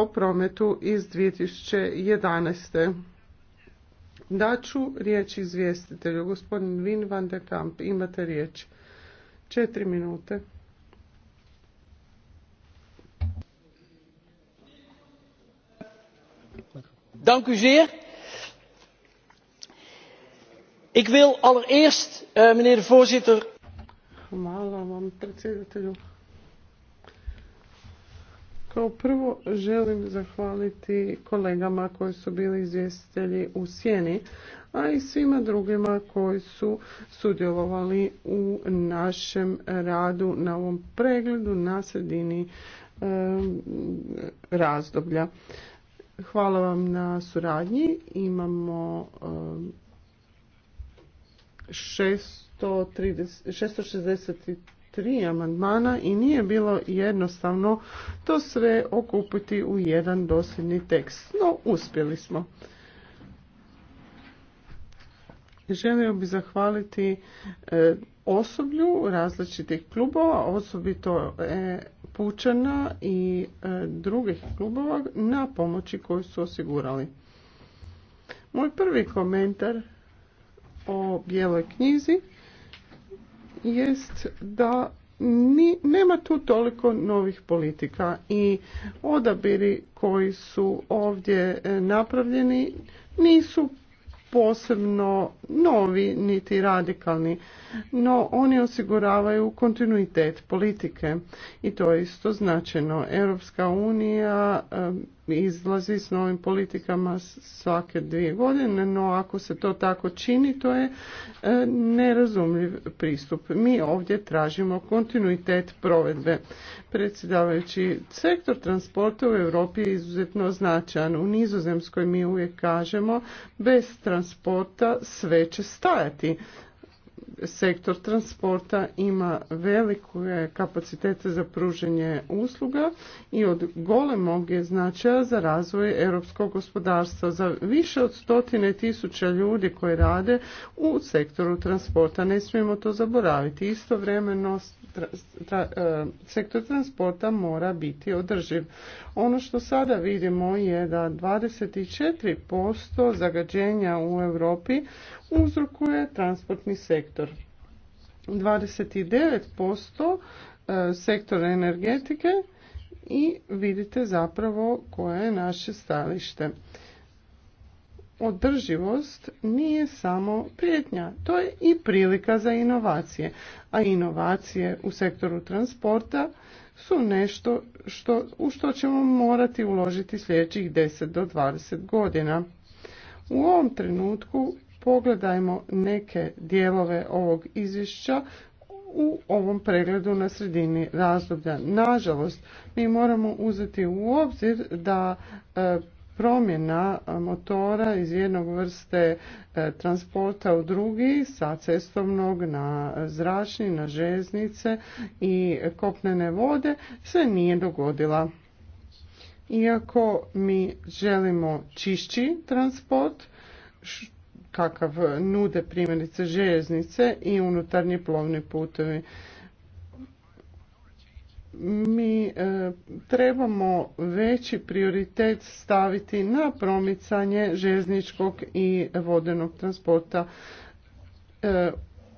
o prometu iz 2011. Daću riječ izvjestitelju. Gospodin Vin van der Kamp, imate riječ. Četiri minute. Dank u zeer. Ik wil allereerst, eh, meneer de voorzitter... Hvala vam, predsjedatelju prvo želim zahvaliti kolegama koji su bili izvjestitelji u Sjeni, a i svima drugima koji su sudjelovali u našem radu na ovom pregledu na sredini razdoblja. Hvala vam na suradnji. Imamo 663 tri amandmana i nije bilo jednostavno to sve okupiti u jedan dosljedni tekst. No, uspjeli smo. Želio bih zahvaliti e, osoblju različitih klubova, osobito e, Pučana i e, drugih klubova na pomoći koju su osigurali. Moj prvi komentar o bijeloj knjizi jest da ni, nema tu toliko novih politika i odabiri koji su ovdje e, napravljeni nisu posebno novi niti radikalni, no oni osiguravaju kontinuitet politike i to je isto značajno. Europska unija e, izlazi s novim politikama svake dvije godine, no ako se to tako čini, to je e, nerazumljiv pristup. Mi ovdje tražimo kontinuitet provedbe. Predsjedavajući, sektor transporta u Europi je izuzetno značajan. U Nizozemskoj mi uvijek kažemo, bez transporta sve će stajati sektor transporta ima velike kapacitete za pruženje usluga i od golemog je značaja za razvoj europskog gospodarstva za više od stotine tisuća ljudi koji rade u sektoru transporta. Ne smijemo to zaboraviti. Istovremeno E, sektor transporta mora biti održiv. Ono što sada vidimo je da 24% zagađenja u Europi uzrokuje transportni sektor. 29% e, sektor energetike i vidite zapravo koje je naše stalište održivost nije samo prijetnja, to je i prilika za inovacije. A inovacije u sektoru transporta su nešto što, u što ćemo morati uložiti sljedećih 10 do 20 godina. U ovom trenutku pogledajmo neke dijelove ovog izvješća u ovom pregledu na sredini razdoblja. Nažalost, mi moramo uzeti u obzir da e, promjena motora iz jednog vrste e, transporta u drugi sa cestovnog na zračni, na željeznice i kopnene vode se nije dogodila. Iako mi želimo čišći transport, kakav nude primjerice željeznice i unutarnji plovni putovi mi e, trebamo veći prioritet staviti na promicanje željezničkog i vodenog transporta e,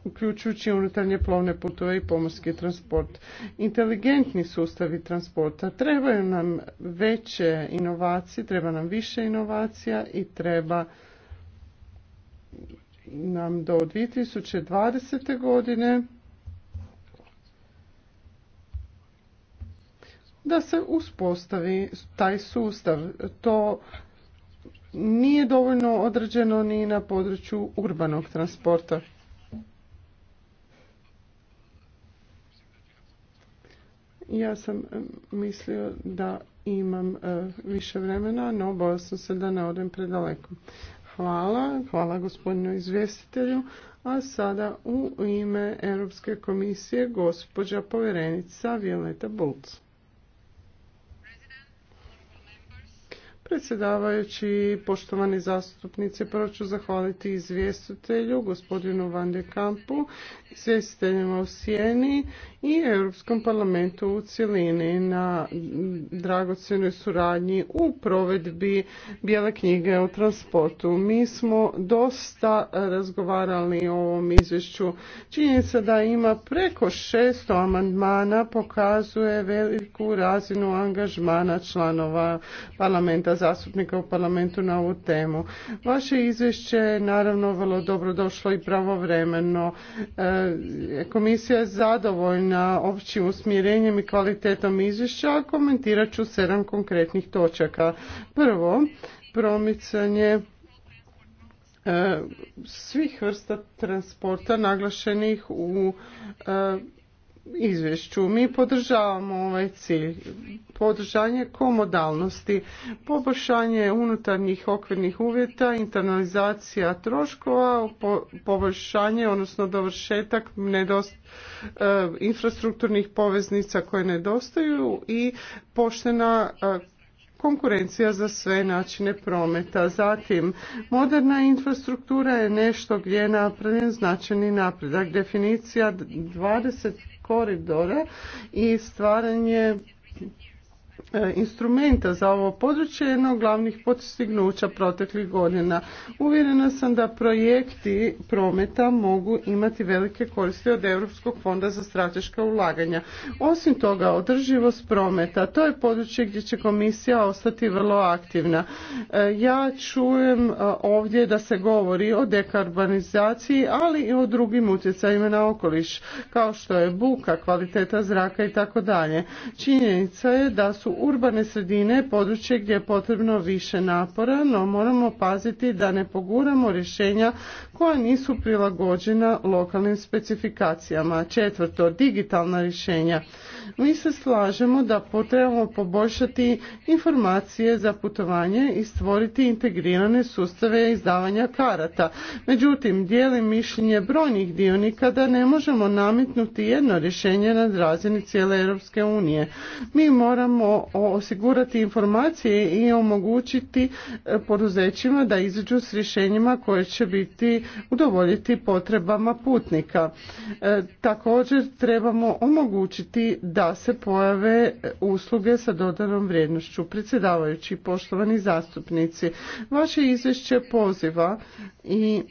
uključujući unutarnje plovne putove i pomorski transport. Inteligentni sustavi transporta trebaju nam veće inovacije, treba nam više inovacija i treba nam do 2020. godine da se uspostavi taj sustav. To nije dovoljno određeno ni na području urbanog transporta. Ja sam mislio da imam e, više vremena, no bojao sam se da ne odem predaleko. Hvala, hvala gospodinu izvjestitelju. A sada u ime Europske komisije gospođa povjerenica Violeta Bulc. Predsjedavajući, poštovani zastupnici, prvo ću zahvaliti izvjestitelju, gospodinu Van de Kampu, izvjestiteljima u Sjeni i Europskom parlamentu u cjelini na dragocjenoj suradnji u provedbi Bijele knjige o transportu. Mi smo dosta razgovarali o ovom izvješću. Činjenica da ima preko 600 amandmana pokazuje veliku razinu angažmana članova parlamenta zastupnika u parlamentu na ovu temu. Vaše izvješće je naravno vrlo dobro došlo i pravovremeno. E, komisija je zadovoljna općim usmjerenjem i kvalitetom izvješća, a komentirat ću sedam konkretnih točaka. Prvo, promicanje e, svih vrsta transporta naglašenih u e, izvješću. Mi podržavamo ovaj cilj, podržanje komodalnosti, poboljšanje unutarnjih okvirnih uvjeta, internalizacija troškova, poboljšanje, odnosno dovršetak nedost, e, infrastrukturnih poveznica koje nedostaju i poštena e, konkurencija za sve načine prometa. Zatim, moderna infrastruktura je nešto gdje je napravljen značajni napredak. Definicija 20 koridora i stvaranje E, instrumenta za ovo područje je od glavnih postignuća proteklih godina. Uvjerena sam da projekti prometa mogu imati velike koristi od Europskog fonda za strateška ulaganja. Osim toga, održivost prometa, to je područje gdje će komisija ostati vrlo aktivna. E, ja čujem e, ovdje da se govori o dekarbonizaciji, ali i o drugim utjecajima na okoliš, kao što je buka, kvaliteta zraka i tako dalje. Činjenica je da su urbane sredine područje gdje je potrebno više napora, no moramo paziti da ne poguramo rješenja koja nisu prilagođena lokalnim specifikacijama. Četvrto, digitalna rješenja. Mi se slažemo da potrebamo poboljšati informacije za putovanje i stvoriti integrirane sustave izdavanja karata. Međutim, dijelim mišljenje brojnih dionika da ne možemo nametnuti jedno rješenje na razini cijele Europske unije. Mi moramo osigurati informacije i omogućiti e, poduzećima da izađu s rješenjima koje će biti udovoljiti potrebama putnika. E, također trebamo omogućiti da da se pojave usluge sa dodanom vrijednošću. Predsjedavajući, poštovani zastupnici, vaše izvješće poziva i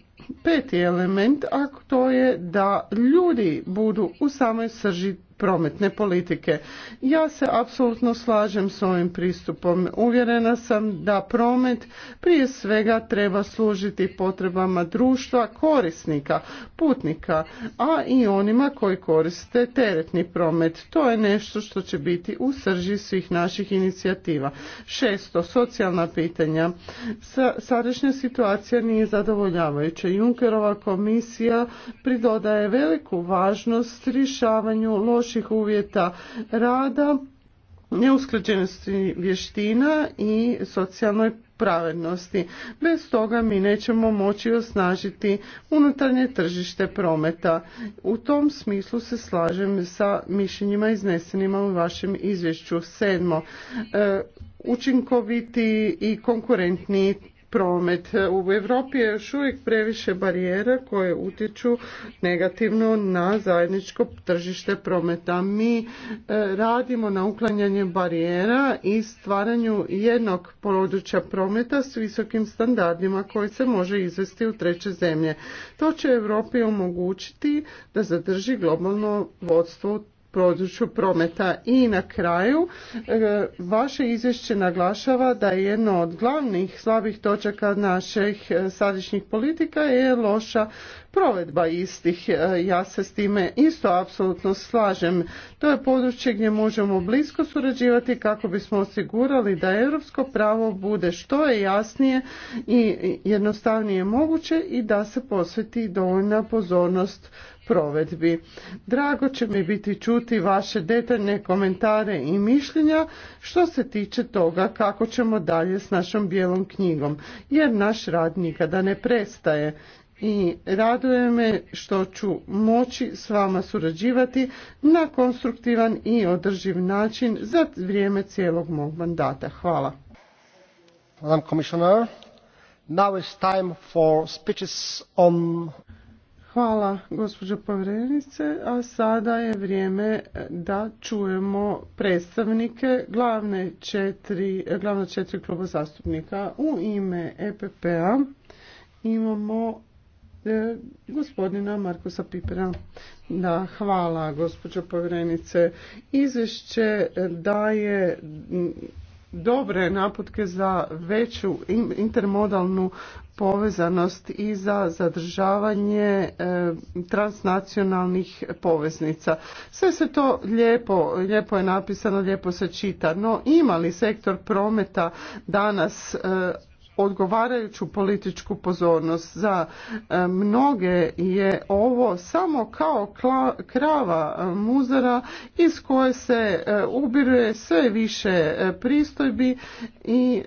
peti element, a to je da ljudi budu u samoj srži prometne politike. Ja se apsolutno slažem s ovim pristupom. Uvjerena sam da promet prije svega treba služiti potrebama društva, korisnika, putnika, a i onima koji koriste teretni promet. To je nešto što će biti u srži svih naših inicijativa. Šesto, socijalna pitanja. Sadašnja situacija nije zadovoljavajuća. Junkerova komisija pridodaje veliku važnost rješavanju loš loših uvjeta rada, neusklađenosti vještina i socijalnoj pravednosti. Bez toga mi nećemo moći osnažiti unutarnje tržište prometa. U tom smislu se slažem sa mišljenjima iznesenima u vašem izvješću. Sedmo, e, učinkoviti i konkurentni promet. U Europi je još uvijek previše barijera koje utječu negativno na zajedničko tržište prometa. Mi e, radimo na uklanjanju barijera i stvaranju jednog područja prometa s visokim standardima koji se može izvesti u treće zemlje. To će Europi omogućiti da zadrži globalno vodstvo području prometa. I na kraju, e, vaše izvješće naglašava da je jedno od glavnih slabih točaka naših e, sadašnjih politika je loša provedba istih. E, ja se s time isto apsolutno slažem. To je područje gdje možemo blisko surađivati kako bismo osigurali da europsko pravo bude što je jasnije i jednostavnije moguće i da se posveti dovoljna pozornost provedbi. Drago će mi biti čuti vaše detaljne komentare i mišljenja što se tiče toga kako ćemo dalje s našom bijelom knjigom, jer naš rad nikada ne prestaje i raduje me što ću moći s vama surađivati na konstruktivan i održiv način za vrijeme cijelog mog mandata. Hvala. Madam Commissioner, now is time Hvala gospođo povjerenice, a sada je vrijeme da čujemo predstavnike glavne četiri, četiri kluba zastupnika. U ime EPP-a imamo e, gospodina Markusa Pipera. Da, hvala gospođo povjerenice. Izvješće daje dobre naputke za veću intermodalnu povezanost i za zadržavanje e, transnacionalnih poveznica. Sve se to lijepo, lijepo je napisano, lijepo se čita, no ima li sektor prometa danas e, odgovarajuću političku pozornost. Za e, mnoge je ovo samo kao krava e, muzara iz koje se e, ubiruje sve više pristojbi i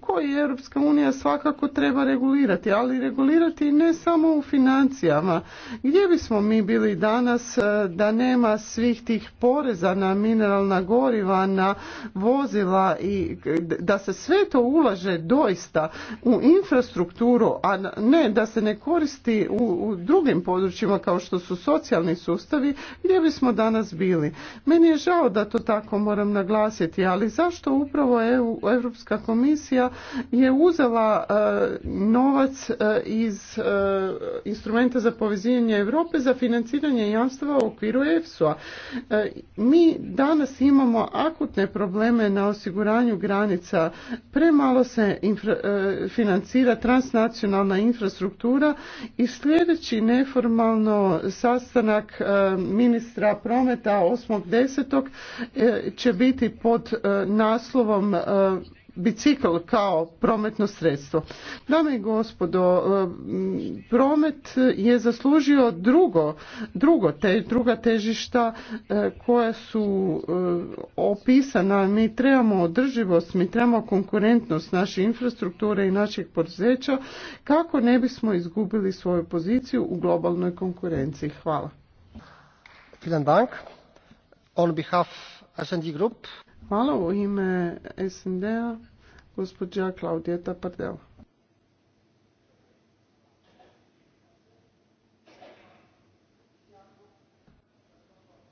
koji Europska unija svakako treba regulirati, ali regulirati ne samo u financijama. Gdje bismo mi bili danas e, da nema svih tih poreza na mineralna goriva, na vozila i da se sve to ulaže doista u infrastrukturu, a ne da se ne koristi u, drugim područjima kao što su socijalni sustavi, gdje bismo danas bili. Meni je žao da to tako moram naglasiti, ali zašto upravo EU, Europska komisija komisija je uzela e, novac e, iz e, instrumenta za povezivanje Europe za financiranje jamstava u okviru EFSU-a. Mi danas imamo akutne probleme na osiguranju granica. Premalo se financira transnacionalna infrastruktura i sljedeći neformalno sastanak ministra prometa 8.10. će biti pod naslovom bicikl kao prometno sredstvo. Dame i gospodo, e, promet je zaslužio drugo, drugo druga težišta e, koja su e, opisana. Mi trebamo održivost, mi trebamo konkurentnost naše infrastrukture i naših poduzeća kako ne bismo izgubili svoju poziciju u globalnoj konkurenciji. Hvala. Vielen Dank. On behalf Group. Hvala u ime SND-a, gospođa Klaudija Tapardel.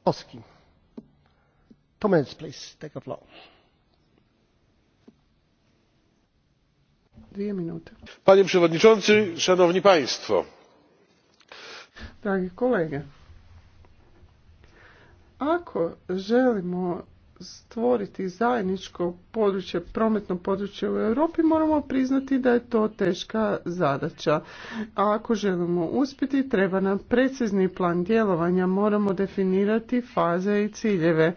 Oski. Two please. Take a flow. Dvije minute. Panie Przewodniczący, Szanowni Państwo. Dragi kolege, ako želimo stvoriti zajedničko područje, prometno područje u Europi, moramo priznati da je to teška zadaća. A ako želimo uspjeti, treba nam precizni plan djelovanja, moramo definirati faze i ciljeve.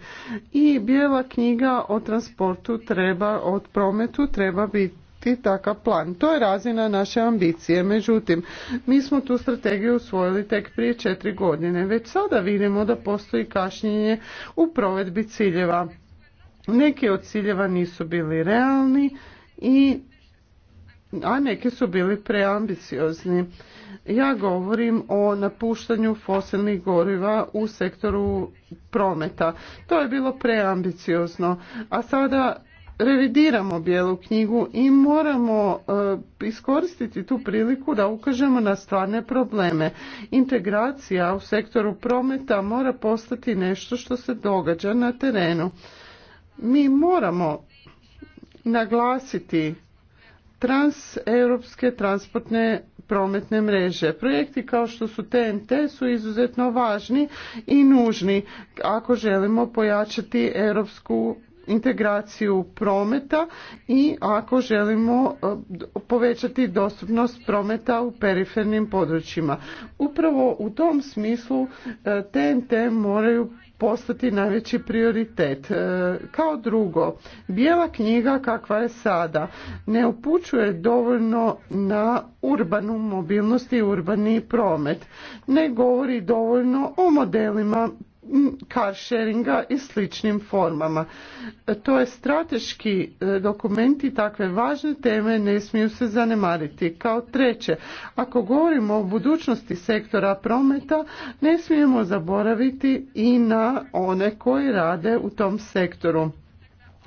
I bijela knjiga o transportu treba, od prometu treba biti imati takav plan. To je razina naše ambicije. Međutim, mi smo tu strategiju usvojili tek prije četiri godine. Već sada vidimo da postoji kašnjenje u provedbi ciljeva. Neki od ciljeva nisu bili realni i a neki su bili preambiciozni. Ja govorim o napuštanju fosilnih goriva u sektoru prometa. To je bilo preambiciozno, a sada revidiramo bijelu knjigu i moramo e, iskoristiti tu priliku da ukažemo na stvarne probleme. Integracija u sektoru prometa mora postati nešto što se događa na terenu. Mi moramo naglasiti transeuropske transportne prometne mreže. Projekti kao što su TNT su izuzetno važni i nužni ako želimo pojačati europsku integraciju prometa i ako želimo e, povećati dostupnost prometa u perifernim područjima. Upravo u tom smislu TNT e, moraju postati najveći prioritet. E, kao drugo, bijela knjiga kakva je sada ne upućuje dovoljno na urbanu mobilnost i urbani promet. Ne govori dovoljno o modelima car sharinga i sličnim formama. E, to je strateški e, dokument i takve važne teme ne smiju se zanemariti. Kao treće, ako govorimo o budućnosti sektora prometa, ne smijemo zaboraviti i na one koji rade u tom sektoru.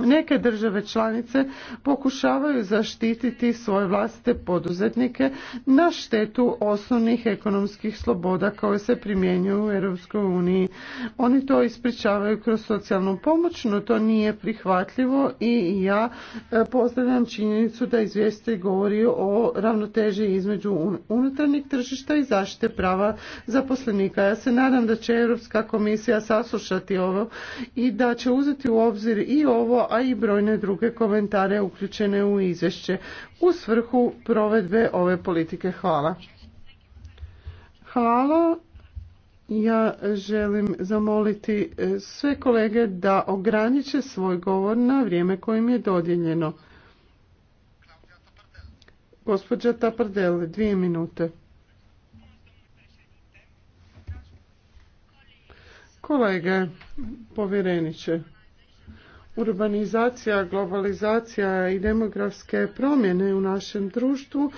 Neke države članice pokušavaju zaštititi svoje vlastite poduzetnike na štetu osnovnih ekonomskih sloboda koje se primjenjuju u Europskoj uniji. Oni to ispričavaju kroz socijalnu pomoć, no to nije prihvatljivo i ja e, pozdravljam činjenicu da izvjestitelj govori o ravnoteži između unutarnjeg tržišta i zaštite prava zaposlenika. Ja se nadam da će Europska komisija saslušati ovo i da će uzeti u obzir i ovo, a i brojne druge komentare uključene u izvješće u svrhu provedbe ove politike. Hvala. Hvala. Ja želim zamoliti e, sve kolege da ograniče svoj govor na vrijeme kojim je dodijeljeno. Gospođa Tapardel, dvije minute. Kolege, povjereniče urbanizacija, globalizacija i demografske promjene u našem društvu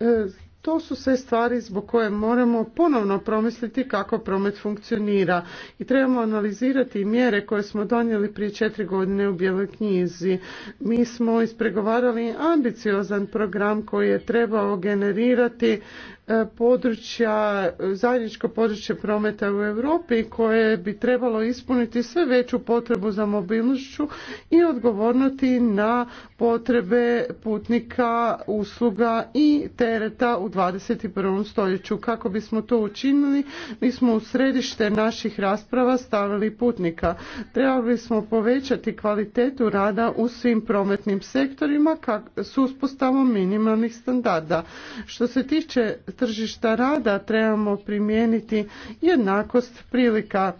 e, to su sve stvari zbog koje moramo ponovno promisliti kako promet funkcionira i trebamo analizirati mjere koje smo donijeli prije četiri godine u Bijeloj knjizi. Mi smo ispregovarali ambiciozan program koji je trebao generirati E, područja, zajedničko područje prometa u Europi koje bi trebalo ispuniti sve veću potrebu za mobilnošću i odgovornosti na potrebe putnika, usluga i tereta u 21. stoljeću. Kako bismo to učinili, mi smo u središte naših rasprava stavili putnika. Trebali bismo povećati kvalitetu rada u svim prometnim sektorima s uspostavom minimalnih standarda. Što se tiče tržišta rada trebamo primijeniti jednakost prilika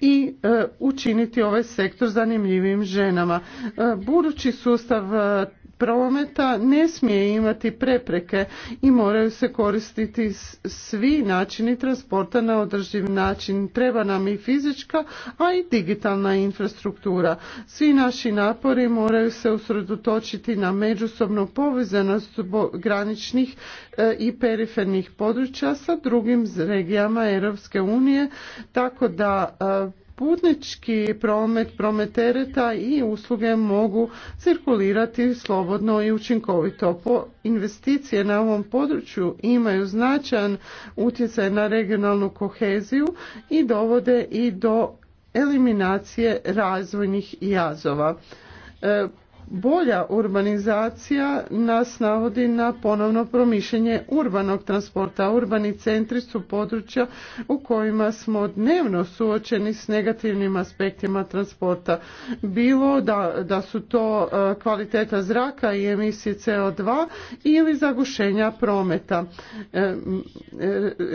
i e, učiniti ovaj sektor zanimljivim ženama. E, budući sustav e, prometa ne smije imati prepreke i moraju se koristiti svi načini transporta na održiv način. Treba nam i fizička, a i digitalna infrastruktura. Svi naši napori moraju se usredotočiti na međusobno povezanost graničnih e, i perifernih područja sa drugim regijama Europske unije, tako da e, putnički promet, promet tereta i usluge mogu cirkulirati slobodno i učinkovito. Po investicije na ovom području imaju značajan utjecaj na regionalnu koheziju i dovode i do eliminacije razvojnih jazova e, Bolja urbanizacija nas navodi na ponovno promišljenje urbanog transporta. Urbani centri su područja u kojima smo dnevno suočeni s negativnim aspektima transporta. Bilo da, da su to e, kvaliteta zraka i emisije CO2 ili zagušenja prometa. E, e,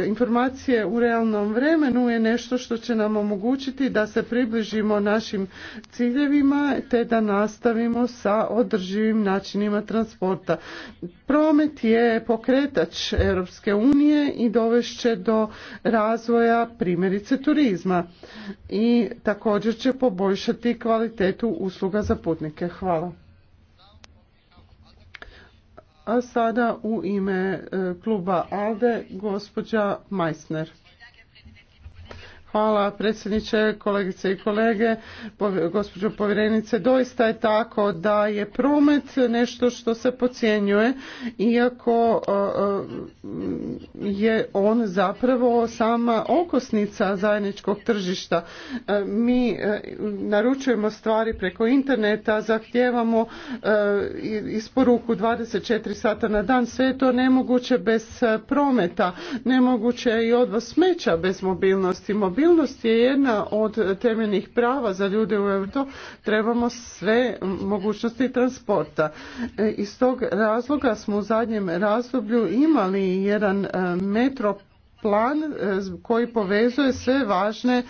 informacije u realnom vremenu je nešto što će nam omogućiti da se približimo našim ciljevima te da nastavimo s sa održivim načinima transporta. Promet je pokretač Europske unije i dovešće do razvoja primjerice turizma i također će poboljšati kvalitetu usluga za putnike. Hvala. A sada u ime e, kluba ALDE gospođa Meissner. Hvala predsjedniče, kolegice i kolege, gospođo povjerenice. Doista je tako da je promet nešto što se pocijenjuje, iako je on zapravo sama okosnica zajedničkog tržišta. E, mi e, naručujemo stvari preko interneta, zahtijevamo e, isporuku 24 sata na dan. Sve je to nemoguće bez prometa, nemoguće je i odvoz smeća bez mobilnosti. Mobilnost je jedna od temeljnih prava za ljude u euro Trebamo sve mogućnosti transporta. E, iz tog razloga smo u zadnjem razdoblju imali jedan e, metro plan e, koji povezuje sve važne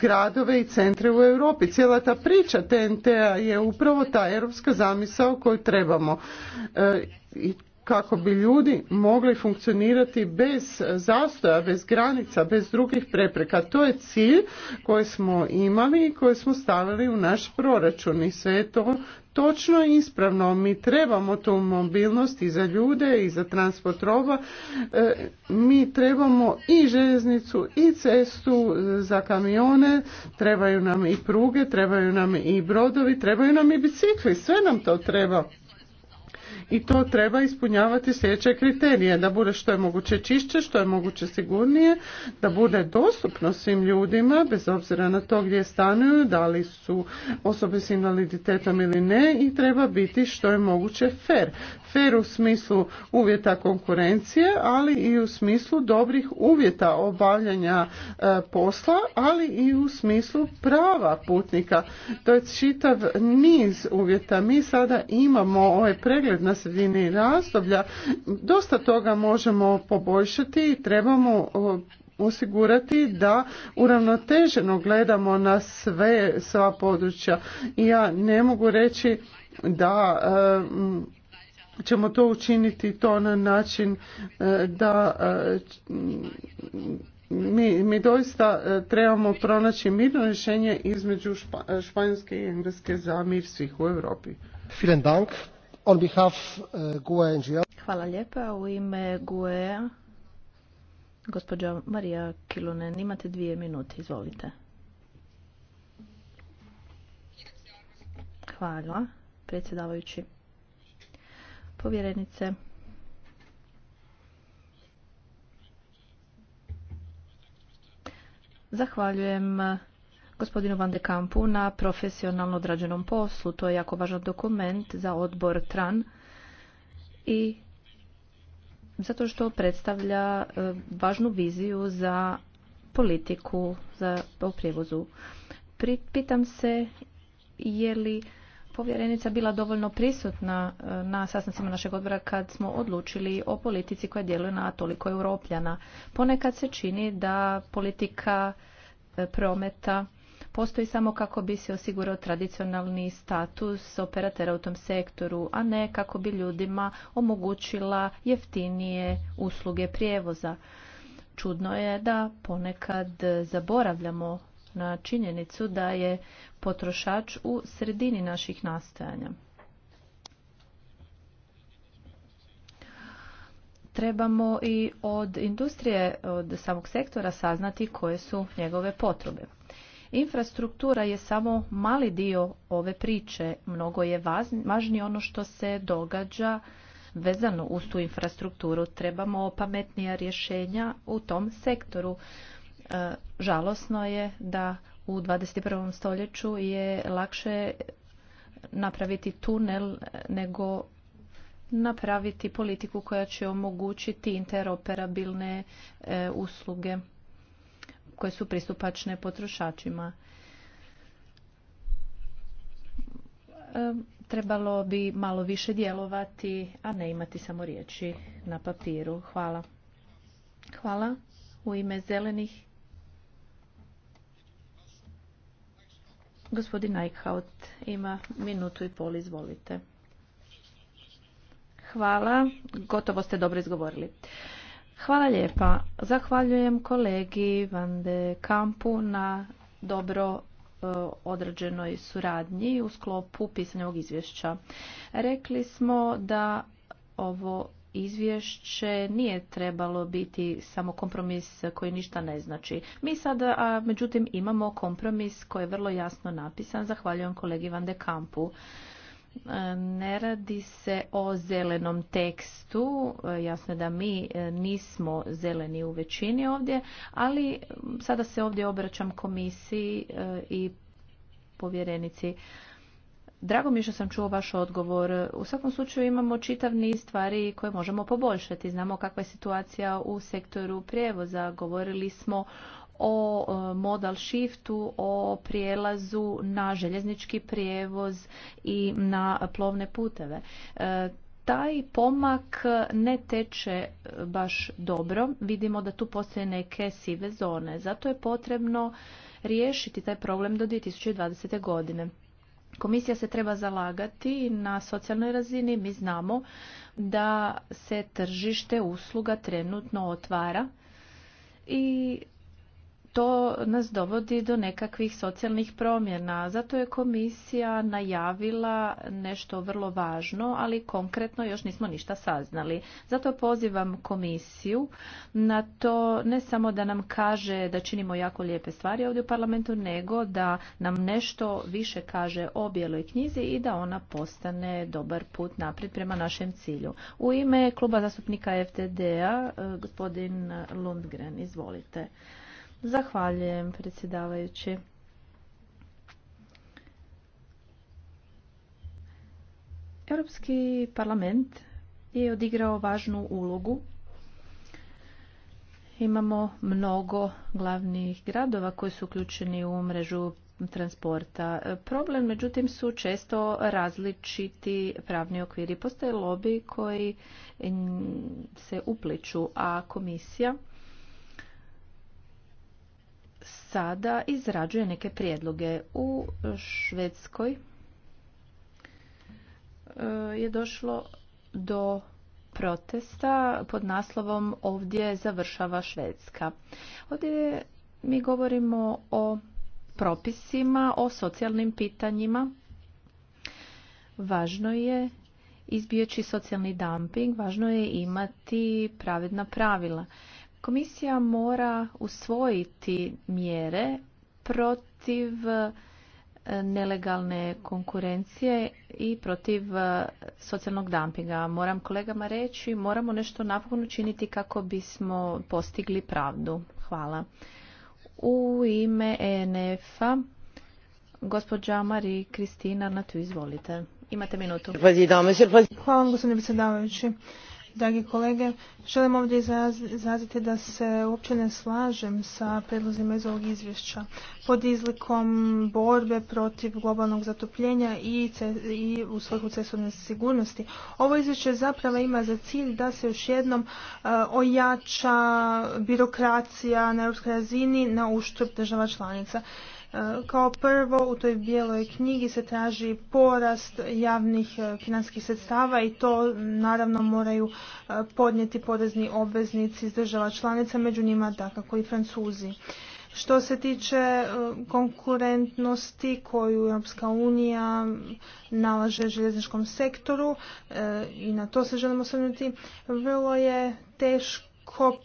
gradove i centre u Europi. Cijela ta priča TNT-a je upravo ta europska zamisao koju trebamo. I kako bi ljudi mogli funkcionirati bez zastoja, bez granica, bez drugih prepreka. To je cilj koji smo imali i koji smo stavili u naš proračun i sve je to točno i ispravno. Mi trebamo tu mobilnost i za ljude i za transport roba. E, mi trebamo i željeznicu i cestu za kamione, trebaju nam i pruge, trebaju nam i brodovi, trebaju nam i bicikli, sve nam to treba i to treba ispunjavati sljedeće kriterije, da bude što je moguće čišće, što je moguće sigurnije, da bude dostupno svim ljudima, bez obzira na to gdje stanuju, da li su osobe s invaliditetom ili ne i treba biti što je moguće fer. Fer u smislu uvjeta konkurencije, ali i u smislu dobrih uvjeta obavljanja e, posla, ali i u smislu prava putnika. To je čitav niz uvjeta. Mi sada imamo ovaj pregled na sredini razdoblja, dosta toga možemo poboljšati i trebamo osigurati da uravnoteženo gledamo na sve sva područja. I ja ne mogu reći da e, ćemo to učiniti to na način e, da e, mi, mi doista trebamo pronaći mirno rješenje između Španjolske i Engleske za mir svih u Europi. Vielen on behalf, uh, e Hvala lijepa. U ime gue gospođa Marija Kilunen, imate dvije minute, izvolite. Hvala, predsjedavajući. Povjerenice, zahvaljujem gospodinu Van de Kampu na profesionalno odrađenom poslu. To je jako važan dokument za odbor TRAN i zato što predstavlja e, važnu viziju za politiku za, prijevozu. Pitam se je li povjerenica bila dovoljno prisutna e, na sastancima našeg odbora kad smo odlučili o politici koja djeluje na toliko europljana. Ponekad se čini da politika e, prometa postoji samo kako bi se osigurao tradicionalni status operatera u tom sektoru, a ne kako bi ljudima omogućila jeftinije usluge prijevoza. Čudno je da ponekad zaboravljamo na činjenicu da je potrošač u sredini naših nastajanja. trebamo i od industrije, od samog sektora saznati koje su njegove potrebe. Infrastruktura je samo mali dio ove priče, mnogo je važnije ono što se događa vezano uz tu infrastrukturu. Trebamo pametnija rješenja u tom sektoru. E, žalosno je da u 21. stoljeću je lakše napraviti tunel nego napraviti politiku koja će omogućiti interoperabilne e, usluge koje su pristupačne potrošačima. E, trebalo bi malo više djelovati, a ne imati samo riječi na papiru. Hvala. Hvala. U ime zelenih. Gospodin Eichhout ima minutu i pol, izvolite. Hvala. Gotovo ste dobro izgovorili. Hvala lijepa. Zahvaljujem kolegi Van de Kampu na dobro e, određenoj suradnji u sklopu ovog izvješća. Rekli smo da ovo izvješće nije trebalo biti samo kompromis koji ništa ne znači. Mi sada, a međutim, imamo kompromis koji je vrlo jasno napisan. Zahvaljujem kolegi Van de Kampu. E, ne radi se o zelenom tekstu, e, jasno da mi e, nismo zeleni u većini ovdje, ali sada se ovdje obraćam komisiji i povjerenici. Drago mi je što sam čuo vaš odgovor. U svakom slučaju imamo čitav niz stvari koje možemo poboljšati. Znamo kakva je situacija u sektoru prijevoza. Govorili smo o e, modal shiftu, o prijelazu na željeznički prijevoz i na plovne puteve e, taj pomak ne teče baš dobro. Vidimo da tu postoje neke sive zone. Zato je potrebno riješiti taj problem do 2020. godine. Komisija se treba zalagati na socijalnoj razini. Mi znamo da se tržište usluga trenutno otvara i to nas dovodi do nekakvih socijalnih promjena. Zato je komisija najavila nešto vrlo važno, ali konkretno još nismo ništa saznali. Zato pozivam komisiju na to ne samo da nam kaže da činimo jako lijepe stvari ovdje u parlamentu, nego da nam nešto više kaže o bijeloj knjizi i da ona postane dobar put naprijed prema našem cilju. U ime kluba zastupnika ftd gospodin Lundgren, izvolite. Zahvaljujem predsjedavajući. Europski parlament je odigrao važnu ulogu. Imamo mnogo glavnih gradova koji su uključeni u mrežu transporta. Problem, međutim, su često različiti pravni okviri. Postoje lobby koji se upliču, a komisija sada izrađuje neke prijedloge. U Švedskoj eh, je došlo do protesta pod naslovom Ovdje završava Švedska. Ovdje mi govorimo o propisima, o socijalnim pitanjima. Važno je izbijeći socijalni dumping, važno je imati pravedna pravila. Komisija mora usvojiti mjere protiv e, nelegalne konkurencije i protiv e, socijalnog dampinga. Moram kolegama reći, moramo nešto napokon učiniti kako bismo postigli pravdu. Hvala. U ime ENF-a, gospođa Mari Kristina, na tu izvolite. Imate minutu. Hvala vam, gospodine predsjedavajući. Dragi kolege, želim ovdje izraziti da se uopće ne slažem sa predlozima iz ovog izvješća. Pod izlikom borbe protiv globalnog zatopljenja i, i u svrhu cestovne sigurnosti. Ovo izvješće zapravo ima za cilj da se još jednom eh, ojača birokracija na europskoj razini na uštrb država članica. Kao prvo u toj bijeloj knjigi se traži porast javnih e, finanskih sredstava i to naravno moraju e, podnijeti porezni obveznici iz država članica, među njima takako i Francuzi. Što se tiče e, konkurentnosti koju Europska unija nalaže željezničkom sektoru i na to se želimo osvrnuti, vrlo je teško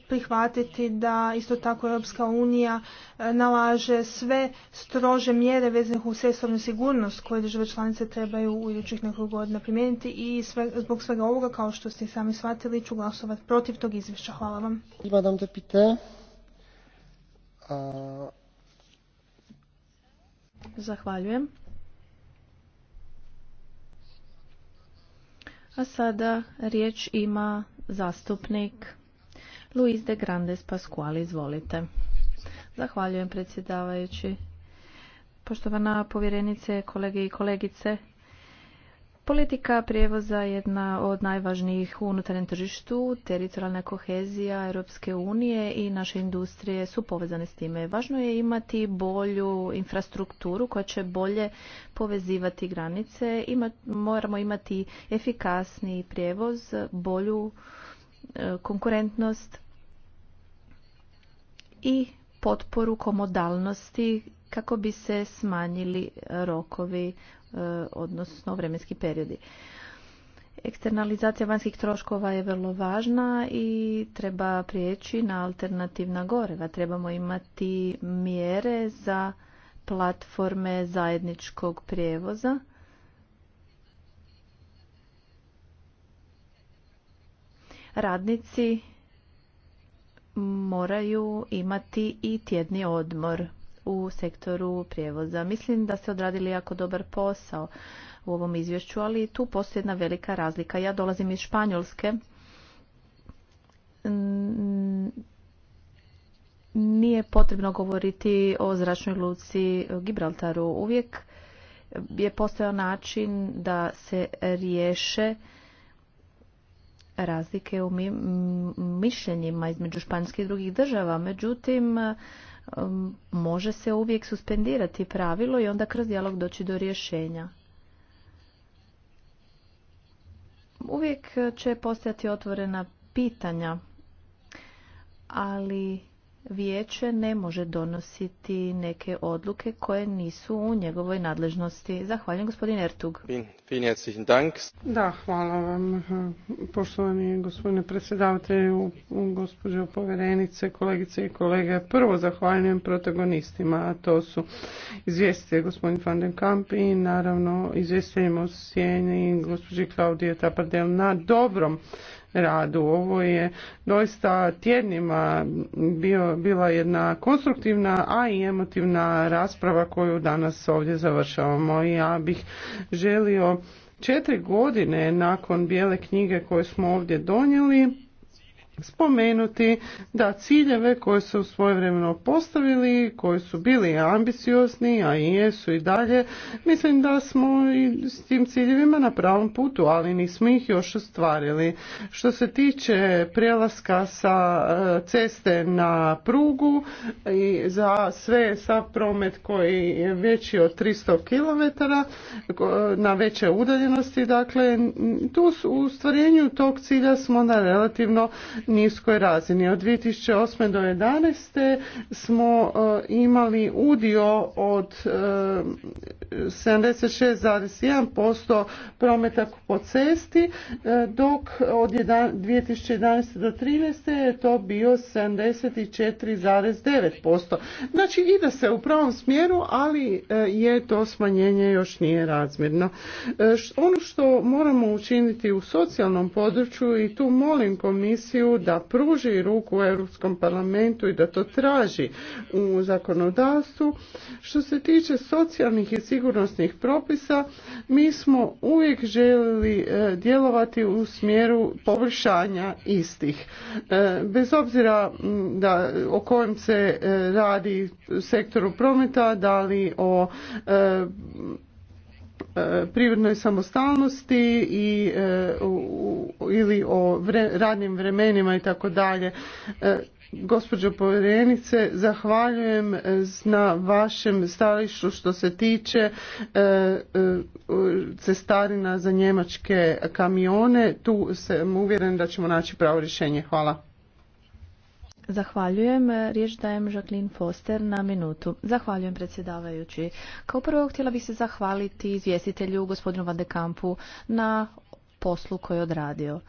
prihvatiti da isto tako Europska unija e, nalaže sve strože mjere vezane u sestornu sigurnost koje države članice trebaju u idućih nekoliko godina primijeniti i sve, zbog svega ovoga kao što ste sami shvatili ću glasovati protiv tog izvješća. Hvala vam. Zahvaljujem. A sada riječ ima zastupnik Luis de Grandes Pascual, izvolite. Zahvaljujem predsjedavajući. Poštovana povjerenice, kolege i kolegice, Politika prijevoza je jedna od najvažnijih u unutarnjem tržištu, teritorijalna kohezija Europske unije i naše industrije su povezane s time. Važno je imati bolju infrastrukturu koja će bolje povezivati granice. moramo imati efikasni prijevoz, bolju e, konkurentnost i potporu komodalnosti kako bi se smanjili rokovi, e, odnosno vremenski periodi. Eksternalizacija vanjskih troškova je vrlo važna i treba prijeći na alternativna goreva. Trebamo imati mjere za platforme zajedničkog prijevoza. Radnici moraju imati i tjedni odmor u sektoru prijevoza. Mislim da ste odradili jako dobar posao u ovom izvješću, ali tu postoji jedna velika razlika. Ja dolazim iz Španjolske. Nije potrebno govoriti o zračnoj luci Gibraltaru. Uvijek je postojao način da se riješe razlike u mišljenjima između Španjskih i drugih država. Međutim, um, može se uvijek suspendirati pravilo i onda kroz dijalog doći do rješenja. Uvijek će postojati otvorena pitanja, ali vijeće ne može donositi neke odluke koje nisu u njegovoj nadležnosti. Zahvaljujem gospodin Ertug. Da, hvala vam. Poštovani gospodine predsjedavatelju, gospođo povjerenice, kolegice i kolege. Prvo zahvaljujem protagonistima, a to su izvjestitelj gospodin Van den Kamp i naravno izvjestiteljima u sjeni gospođi Klaudije Tapardel na dobrom radu. Ovo je doista tjednima bio, bila jedna konstruktivna, a i emotivna rasprava koju danas ovdje završavamo. Ja bih želio četiri godine nakon bijele knjige koje smo ovdje donijeli spomenuti da ciljeve koje su svojevremeno postavili, koji su bili ambiciozni, a i jesu i dalje, mislim da smo i s tim ciljevima na pravom putu, ali nismo ih još ostvarili. Što se tiče prelaska sa e, ceste na prugu i za sve sa promet koji je veći od 300 km na veće udaljenosti, dakle tu u stvarenju tog cilja smo na relativno niskoj razini. Od 2008. do 2011. smo e, imali udio od 76,1% e, prometa po cesti, e, dok od 2011. do 2013. je to bio 74,9%. Znači ide se u pravom smjeru, ali je to smanjenje još nije razmjerno. Ono što moramo učiniti u socijalnom području i tu molim komisiju da pruži ruku u Europskom parlamentu i da to traži u zakonodavstvu. Što se tiče socijalnih i sigurnosnih propisa, mi smo uvijek željeli e, djelovati u smjeru poboljšanja istih. E, bez obzira da, o kojem se e, radi sektoru prometa, da li o E, privrednoj samostalnosti i e, ili o radnim vremenima i tako dalje. E, gospođo povjerenice, zahvaljujem na vašem stališu što se tiče cestarina za njemačke kamione. Tu sam uvjeren da ćemo naći pravo rješenje. Hvala. Zahvaljujem. Riječ dajem Jacqueline Foster na minutu. Zahvaljujem predsjedavajući. Kao prvo htjela bih se zahvaliti izvjestitelju gospodinu Van de Kampu na poslu koju je odradio.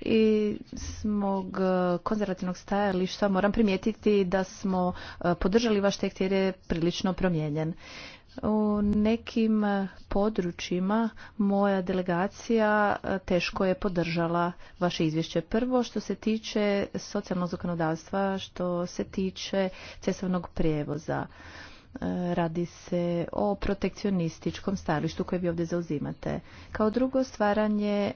I s mog e, konzervativnog stajališta moram primijetiti da smo e, podržali vaš tekst jer je prilično promijenjen. U nekim e, područjima moja delegacija e, teško je podržala vaše izvješće. Prvo što se tiče socijalnog zakonodavstva, što se tiče cestovnog prijevoza. E, radi se o protekcionističkom stajalištu koje vi ovdje zauzimate. Kao drugo, stvaranje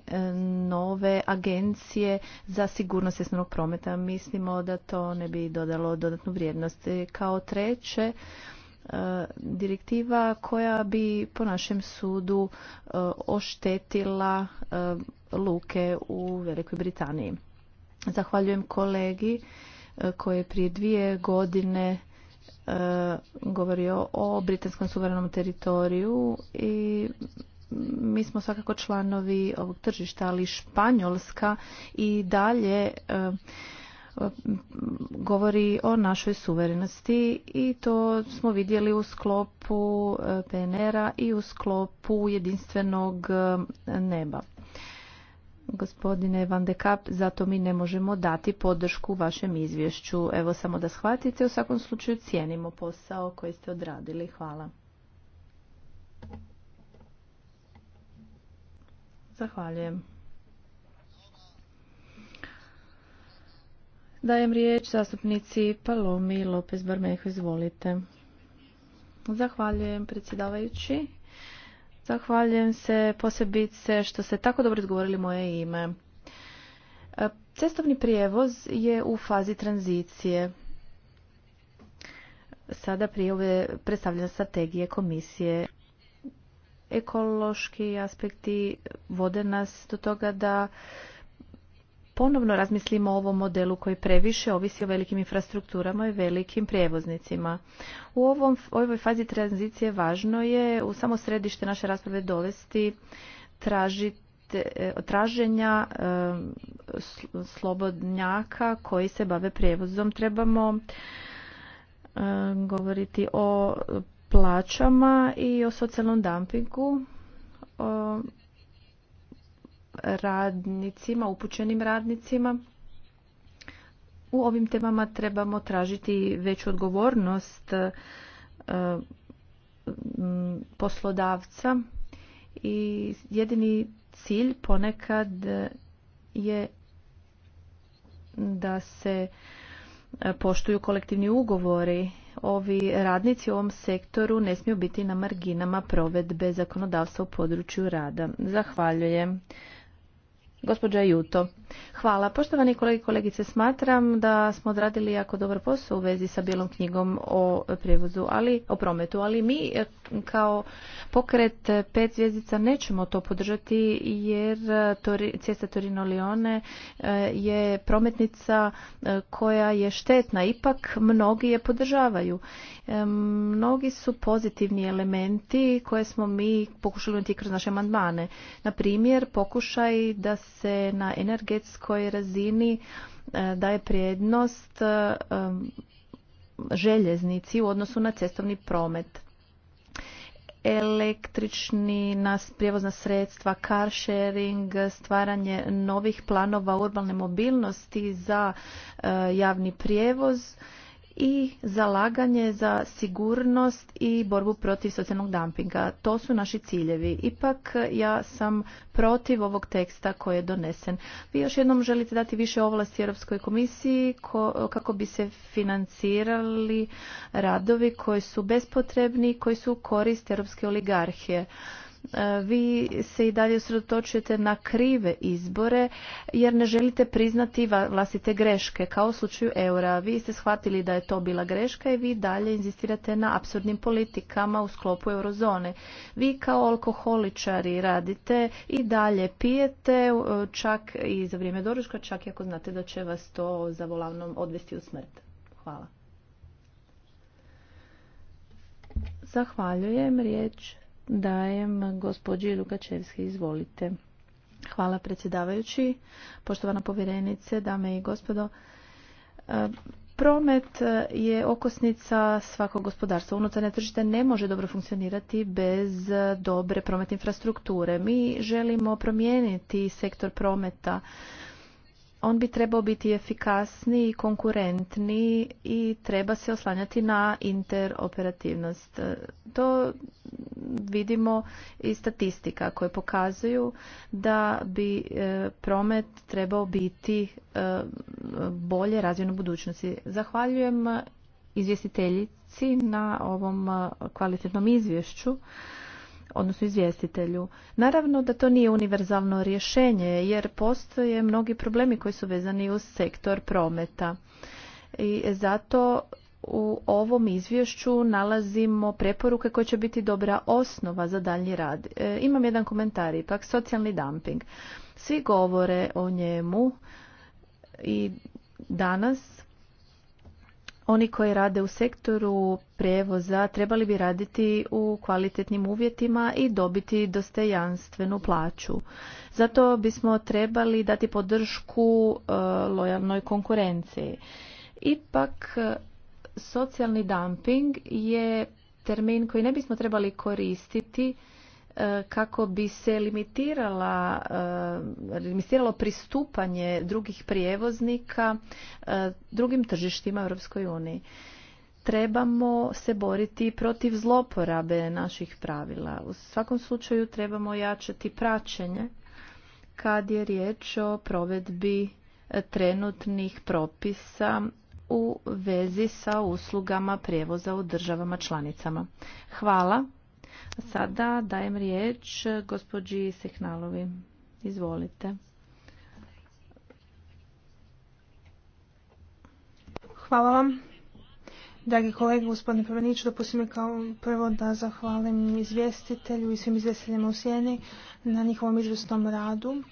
nove agencije za sigurnost cestovnog prometa. Mislimo da to ne bi dodalo dodatnu vrijednost. Kao treće, E, direktiva koja bi po našem sudu e, oštetila e, luke u Velikoj Britaniji. Zahvaljujem kolegi koji je prije dvije godine govorio o britanskom suverenom teritoriju i mi smo svakako članovi ovog tržišta, ali Španjolska i dalje govori o našoj suverenosti i to smo vidjeli u sklopu e, PNR-a i u sklopu jedinstvenog e, neba. Gospodine Van de Kap, zato mi ne možemo dati podršku vašem izvješću. Evo samo da shvatite, u svakom slučaju cijenimo posao koji ste odradili. Hvala. Zahvaljujem. Dajem riječ zastupnici Palomi Lopez Barmeho, izvolite. Zahvaljujem predsjedavajući. Zahvaljujem se posebice što ste tako dobro izgovorili moje ime. E, cestovni prijevoz je u fazi tranzicije. Sada prije ove predstavljena strategije komisije. Ekološki aspekti vode nas do toga da ponovno razmislimo o ovom modelu koji previše ovisi o velikim infrastrukturama i velikim prijevoznicima. U ovom, ovoj fazi tranzicije važno je u samo središte naše rasprave dovesti tražiti e, traženja e, slobodnjaka koji se bave prijevozom. Trebamo e, govoriti o plaćama i o socijalnom dumpingu radnicima, upućenim radnicima. U ovim temama trebamo tražiti veću odgovornost e, mm, poslodavca i jedini cilj ponekad je da se e, poštuju kolektivni ugovori. Ovi radnici u ovom sektoru ne smiju biti na marginama provedbe zakonodavstva u području rada. Zahvaljujem. Gospođa Juto. Hvala. Poštovani kolegi i kolegice, smatram da smo odradili jako dobar posao u vezi sa bijelom knjigom o prijevozu, ali o prometu, ali mi e, kao pokret pet zvjezdica nećemo to podržati jer e, cesta Torino Lione e, je prometnica koja je štetna, ipak mnogi je podržavaju. Mnogi su pozitivni elementi koje smo mi pokušali unijeti kroz naše amandmane. Na primjer, pokušaj da se na energetskoj razini e, daje prijednost e, željeznici u odnosu na cestovni promet. Električni prijevozna sredstva, car sharing, stvaranje novih planova urbane mobilnosti za e, javni prijevoz i zalaganje za sigurnost i borbu protiv socijalnog dumpinga. To su naši ciljevi. Ipak ja sam protiv ovog teksta koji je donesen. Vi još jednom želite dati više ovlasti Europskoj komisiji kako bi se financirali radovi koji su bespotrebni i koji su korist europske oligarhije. E, vi se i dalje usredotočujete na krive izbore jer ne želite priznati vlastite greške kao u slučaju eura. Vi ste shvatili da je to bila greška i vi dalje inzistirate na absurdnim politikama u sklopu eurozone. Vi kao alkoholičari radite i dalje pijete e, čak i za vrijeme doručka, čak i ako znate da će vas to za volavnom odvesti u smrt. Hvala. Zahvaljujem riječ dajem gospođi Lukačevski, izvolite. Hvala predsjedavajući, poštovana povjerenice, dame i gospodo. E, promet je okosnica svakog gospodarstva. Unutarnje tržište ne može dobro funkcionirati bez dobre prometne infrastrukture. Mi želimo promijeniti sektor prometa on bi trebao biti efikasni i konkurentni i treba se oslanjati na interoperativnost. To vidimo i statistika koje pokazuju da bi e, promet trebao biti e, bolje razvijen u budućnosti. Zahvaljujem izvjestiteljici na ovom e, kvalitetnom izvješću odnosno izvjestitelju. Naravno da to nije univerzalno rješenje jer postoje mnogi problemi koji su vezani uz sektor prometa. I zato u ovom izvješću nalazimo preporuke koje će biti dobra osnova za daljnji rad. E, imam jedan komentar ipak, socijalni dumping. Svi govore o njemu i danas oni koji rade u sektoru prevoza trebali bi raditi u kvalitetnim uvjetima i dobiti dostojanstvenu plaću. Zato bismo trebali dati podršku e, lojalnoj konkurenciji. Ipak e, socijalni dumping je termin koji ne bismo trebali koristiti E, kako bi se limitirala, e, limitiralo pristupanje drugih prijevoznika e, drugim tržištima Europskoj uniji. Trebamo se boriti protiv zloporabe naših pravila. U svakom slučaju trebamo jačati praćenje kad je riječ o provedbi trenutnih propisa u vezi sa uslugama prijevoza u državama članicama. Hvala. Sada dajem riječ gospođi Sehnalovi. Izvolite. Hvala vam. Dragi kolege, gospodine Prvenić, dopustim mi kao prvo da zahvalim izvjestitelju i svim izvjestiteljima u Sjeni na njihovom izvrsnom radu.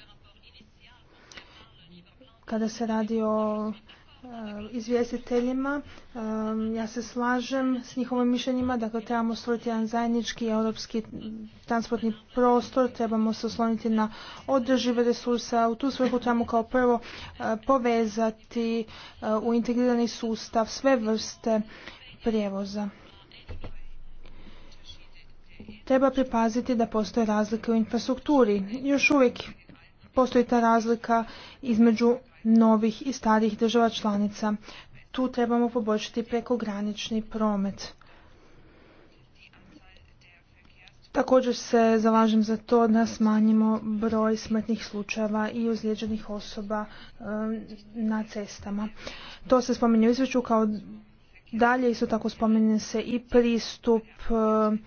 Kada se radi o Eh, izvjestiteljima. Ja se slažem s njihovim mišljenjima, dakle trebamo stvoriti jedan zajednički europski transportni prostor, trebamo se osloniti na održive resurse, u tu svrhu trebamo kao prvo eh, povezati eh, u integrirani sustav sve vrste prijevoza. Treba pripaziti da postoje razlike u infrastrukturi. Još uvijek postoji ta razlika između novih i starih država članica. Tu trebamo poboljšati prekogranični promet. Također se zalažem za to da smanjimo broj smrtnih slučajeva i ozlijeđenih osoba um, na cestama. To se spominje u izveću kao dalje, isto tako spominje se i pristup um,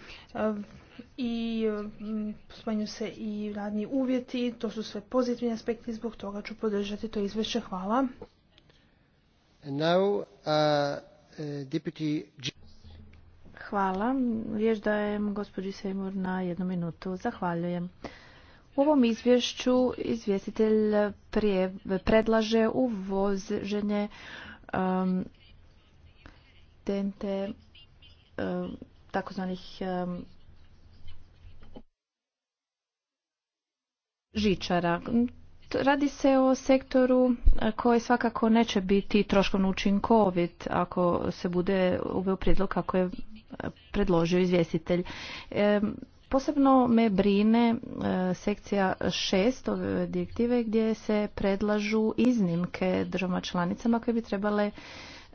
i mm, smanjuju se i radni uvjeti. To su sve pozitivni aspekti, zbog toga ću podržati to izvješće. Hvala. now, uh, uh, Hvala. Riječ dajem gospođi Sejmur na jednu minutu. Zahvaljujem. U ovom izvješću izvjestitelj predlaže uvoženje um, tente um, takozvanih um, žičara. Radi se o sektoru e, koji svakako neće biti troškovno učinkovit ako se bude uveo prijedlog kako je e, predložio izvjestitelj. E, posebno me brine sekcija šest ove direktive gdje se predlažu iznimke državama članicama koje bi trebale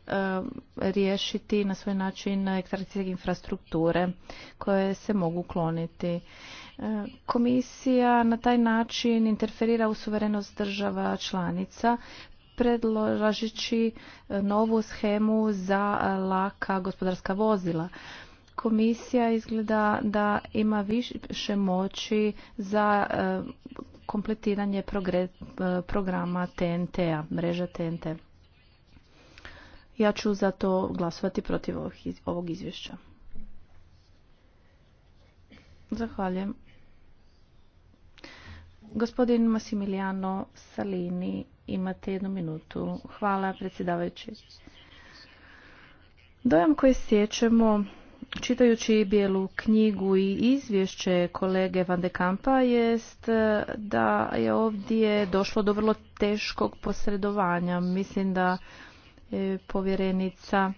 E, riješiti na svoj način ekstrakcijske infrastrukture koje se mogu kloniti. E, komisija na taj način interferira u suverenost država članica predložići e, novu schemu za laka gospodarska vozila. Komisija izgleda da ima više moći za kompletiranje programa TNT-a, mreža TNT. -a. Ja ću zato glasovati protiv ovog izvješća. Zahvaljujem. Gospodin Massimiliano Salini, imate jednu minutu. Hvala, predsjedavajući. Dojam koji sjećemo čitajući bijelu knjigu i izvješće kolege Van de Kampa jest e, da je ovdje došlo do vrlo teškog posredovanja. Mislim da E, povjerenica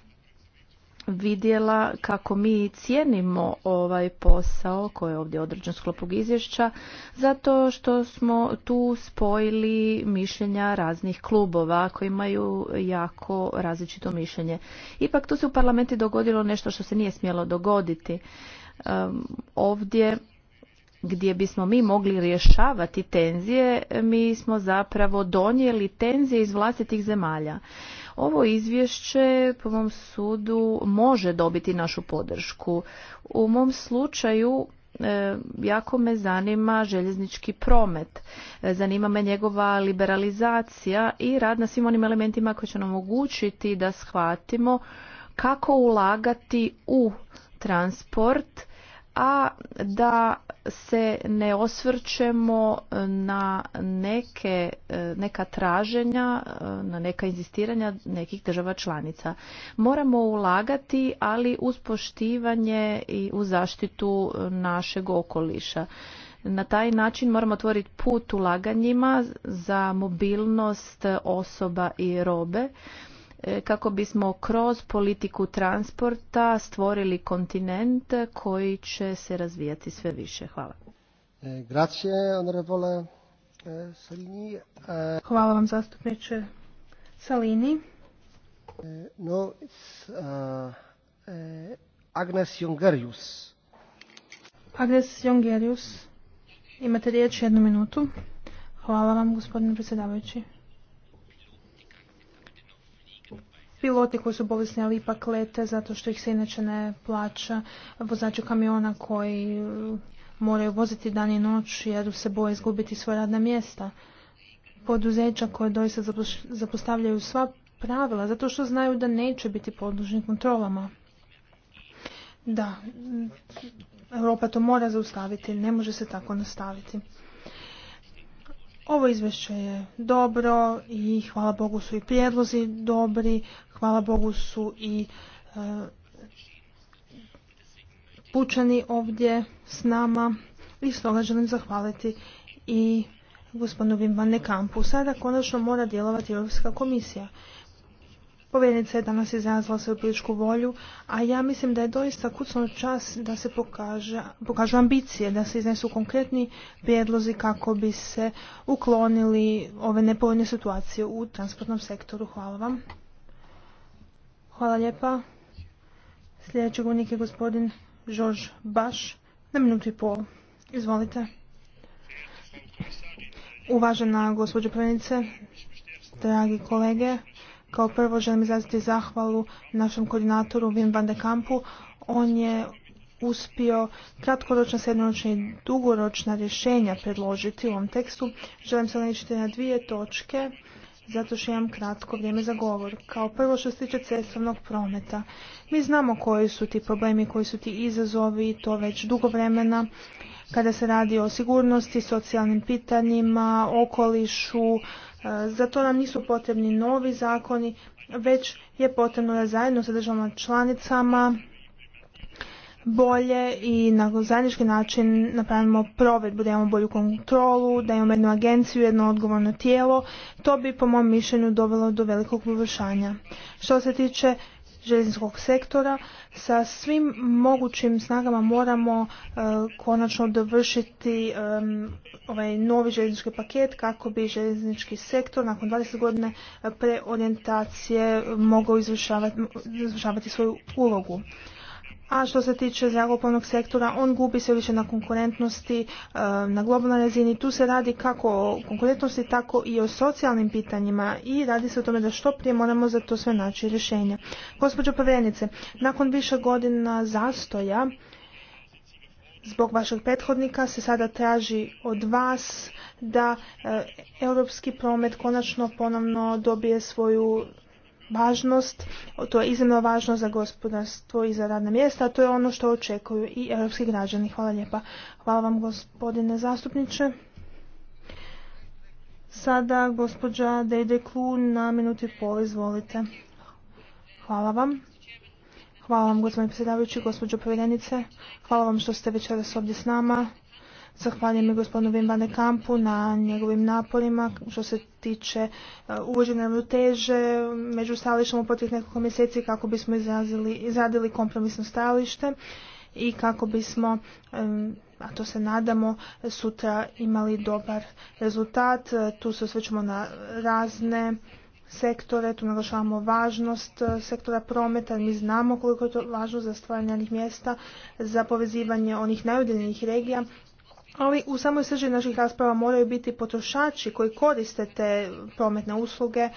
vidjela kako mi cijenimo ovaj posao koji je ovdje određen sklopog izvješća zato što smo tu spojili mišljenja raznih klubova koji imaju jako različito mišljenje. Ipak tu se u parlamenti dogodilo nešto što se nije smjelo dogoditi. ovdje gdje bismo mi mogli rješavati tenzije, mi smo zapravo donijeli tenzije iz vlastitih zemalja. Ovo izvješće, po mom sudu, može dobiti našu podršku. U mom slučaju e, jako me zanima željeznički promet. E, zanima me njegova liberalizacija i rad na svim onim elementima koji će nam omogućiti da shvatimo kako ulagati u transport a da se ne osvrćemo na neke, e, neka traženja, e, na neka inzistiranja nekih država članica. Moramo ulagati, ali uz poštivanje i u zaštitu našeg okoliša. Na taj način moramo otvoriti put ulaganjima za mobilnost osoba i robe E, kako bismo kroz politiku transporta stvorili kontinent koji će se razvijati sve više. Hvala. E, grazie, e, Salini. Hvala vam zastupniče Salini. No, Agnes Jongerius. Agnes Jongerius, imate riječ jednu minutu. Hvala vam gospodine predsjedavajući. piloti koji su bolesni, ali ipak lete zato što ih se inače ne plaća, Vozači kamiona koji uh, moraju voziti dan i noć jer se boje izgubiti svoje radna mjesta. Poduzeća koje doista zapostavljaju sva pravila zato što znaju da neće biti podložni kontrolama. Da, Europa to mora zaustaviti, ne može se tako nastaviti. Ovo izvješće je dobro i hvala Bogu su i prijedlozi dobri, hvala Bogu su i e, pučani ovdje s nama i stoga želim zahvaliti i gospodinu Vimbane Kampu. Sada konačno mora djelovati Europska komisija. Povjerenica je danas izrazila svoju političku volju, a ja mislim da je doista kucno čas da se pokaže, pokažu ambicije, da se iznesu konkretni prijedlozi kako bi se uklonili ove nepovoljne situacije u transportnom sektoru. Hvala vam. Hvala lijepa. Sljedeći govornik je gospodin Jož Baš na minutu i pol. Izvolite. Uvažena gospođo Prvenice, dragi kolege, kao prvo želim izraziti zahvalu našem koordinatoru Wim van de Kampu. On je uspio kratkoročna, srednjoročna i dugoročna rješenja predložiti u ovom tekstu. Želim se ograničiti na dvije točke, zato što imam kratko vrijeme za govor. Kao prvo što se tiče cestovnog prometa. Mi znamo koji su ti problemi, koji su ti izazovi to već dugo vremena kada se radi o sigurnosti, socijalnim pitanjima, okolišu, E, za to nam nisu potrebni novi zakoni, već je potrebno da zajedno sa državama članicama bolje i na zajednički način napravimo provedbu, da imamo bolju kontrolu, da imamo jednu agenciju, jedno odgovorno tijelo. To bi po mom mišljenju dovelo do velikog poboljšanja. Što se tiče željezničkog sektora sa svim mogućim snagama moramo e, konačno dovršiti ovaj novi željeznički paket kako bi željeznički sektor nakon 20 godine preorijentacije mogao izvršavati, izvršavati svoju ulogu. A što se tiče zrakoplovnog sektora, on gubi se više na konkurentnosti eh, na globalnoj razini. Tu se radi kako o konkurentnosti, tako i o socijalnim pitanjima i radi se o tome da što prije moramo za to sve naći rješenja. Gospođo povjerenice, nakon više godina zastoja, zbog vašeg prethodnika se sada traži od vas da eh, europski promet konačno ponovno dobije svoju važnost, to je iznimno važno za gospodarstvo i za radna mjesta, a to je ono što očekuju i europski građani. Hvala lijepa. Hvala vam gospodine zastupniče. Sada gospođa Dede Klun na minuti pol, izvolite. Hvala vam. Hvala vam gospodine predsjedavajući, gospođo povjerenice. Hvala vam što ste večeras ovdje s nama. Zahvaljujem gospodinu Wim van Kampu na njegovim naporima što se tiče e, uvođenja ravnoteže među stajalištima u potrih nekoliko mjeseci kako bismo izrazili, izradili kompromisno stajalište i kako bismo, a to se nadamo, sutra imali dobar rezultat. E, tu se osvrćemo na razne sektore, tu naglašavamo važnost e, sektora prometa, mi znamo koliko je to važno za stvaranje mjesta, za povezivanje onih najudeljenih regija ali u samoj srži naših rasprava moraju biti potrošači koji koriste te prometne usluge, e,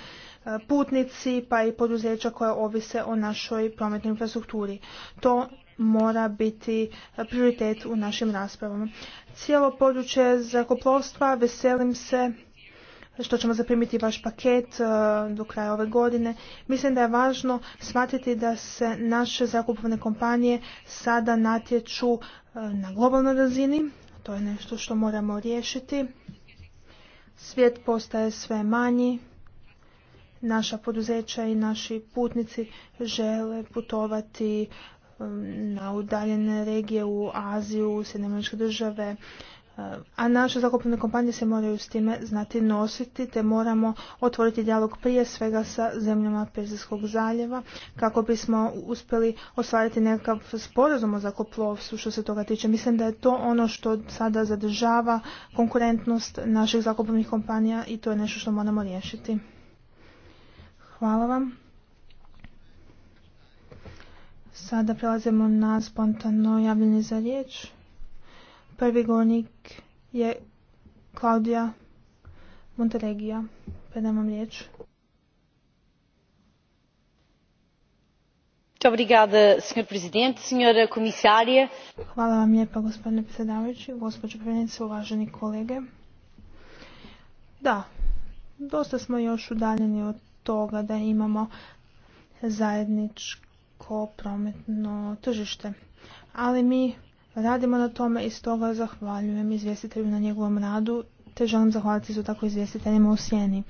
putnici pa i poduzeća koja ovise o našoj prometnoj infrastrukturi. To mora biti prioritet u našim raspravama. Cijelo područje zrakoplovstva veselim se što ćemo zaprimiti vaš paket e, do kraja ove godine. Mislim da je važno shvatiti da se naše zakupovne kompanije sada natječu e, na globalnoj razini to je nešto što moramo riješiti. Svijet postaje sve manji. Naša poduzeća i naši putnici žele putovati um, na udaljene regije u Aziju, u države, a naše zakupne kompanije se moraju s time znati nositi, te moramo otvoriti dijalog prije svega sa zemljama Perzijskog zaljeva kako bismo uspjeli ostvariti nekakav sporazum o zakoplovstvu što se toga tiče. Mislim da je to ono što sada zadržava konkurentnost naših zakupnih kompanija i to je nešto što moramo riješiti. Hvala vam. Sada prelazimo na spontano javljanje za riječ. Prvi govornik je Klaudija Monteregija. Predam vam riječ. Hvala vam lijepa gospodine predsjedavajući, gospođo predsjednice, uvaženi kolege. Da, dosta smo još udaljeni od toga da imamo zajedničko prometno tržište. Ali mi Radimo na tome i stoga zahvaljujem izvjestitelju na njegovom radu te želim zahvaliti su tako izvjestiteljima u Sjeni.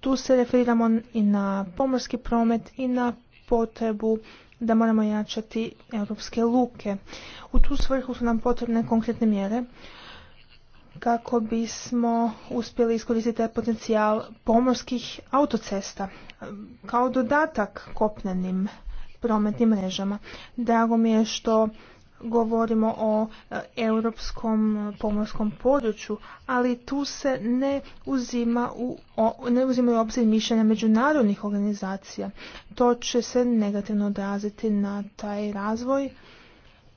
Tu se referiramo i na pomorski promet i na potrebu da moramo jačati europske luke. U tu svrhu su nam potrebne konkretne mjere kako bismo uspjeli iskoristiti potencijal pomorskih autocesta kao dodatak kopnenim prometnim mrežama. Drago mi je što govorimo o e, europskom e, pomorskom području, ali tu se ne uzima u, u obzir mišljenja međunarodnih organizacija. To će se negativno odraziti na taj razvoj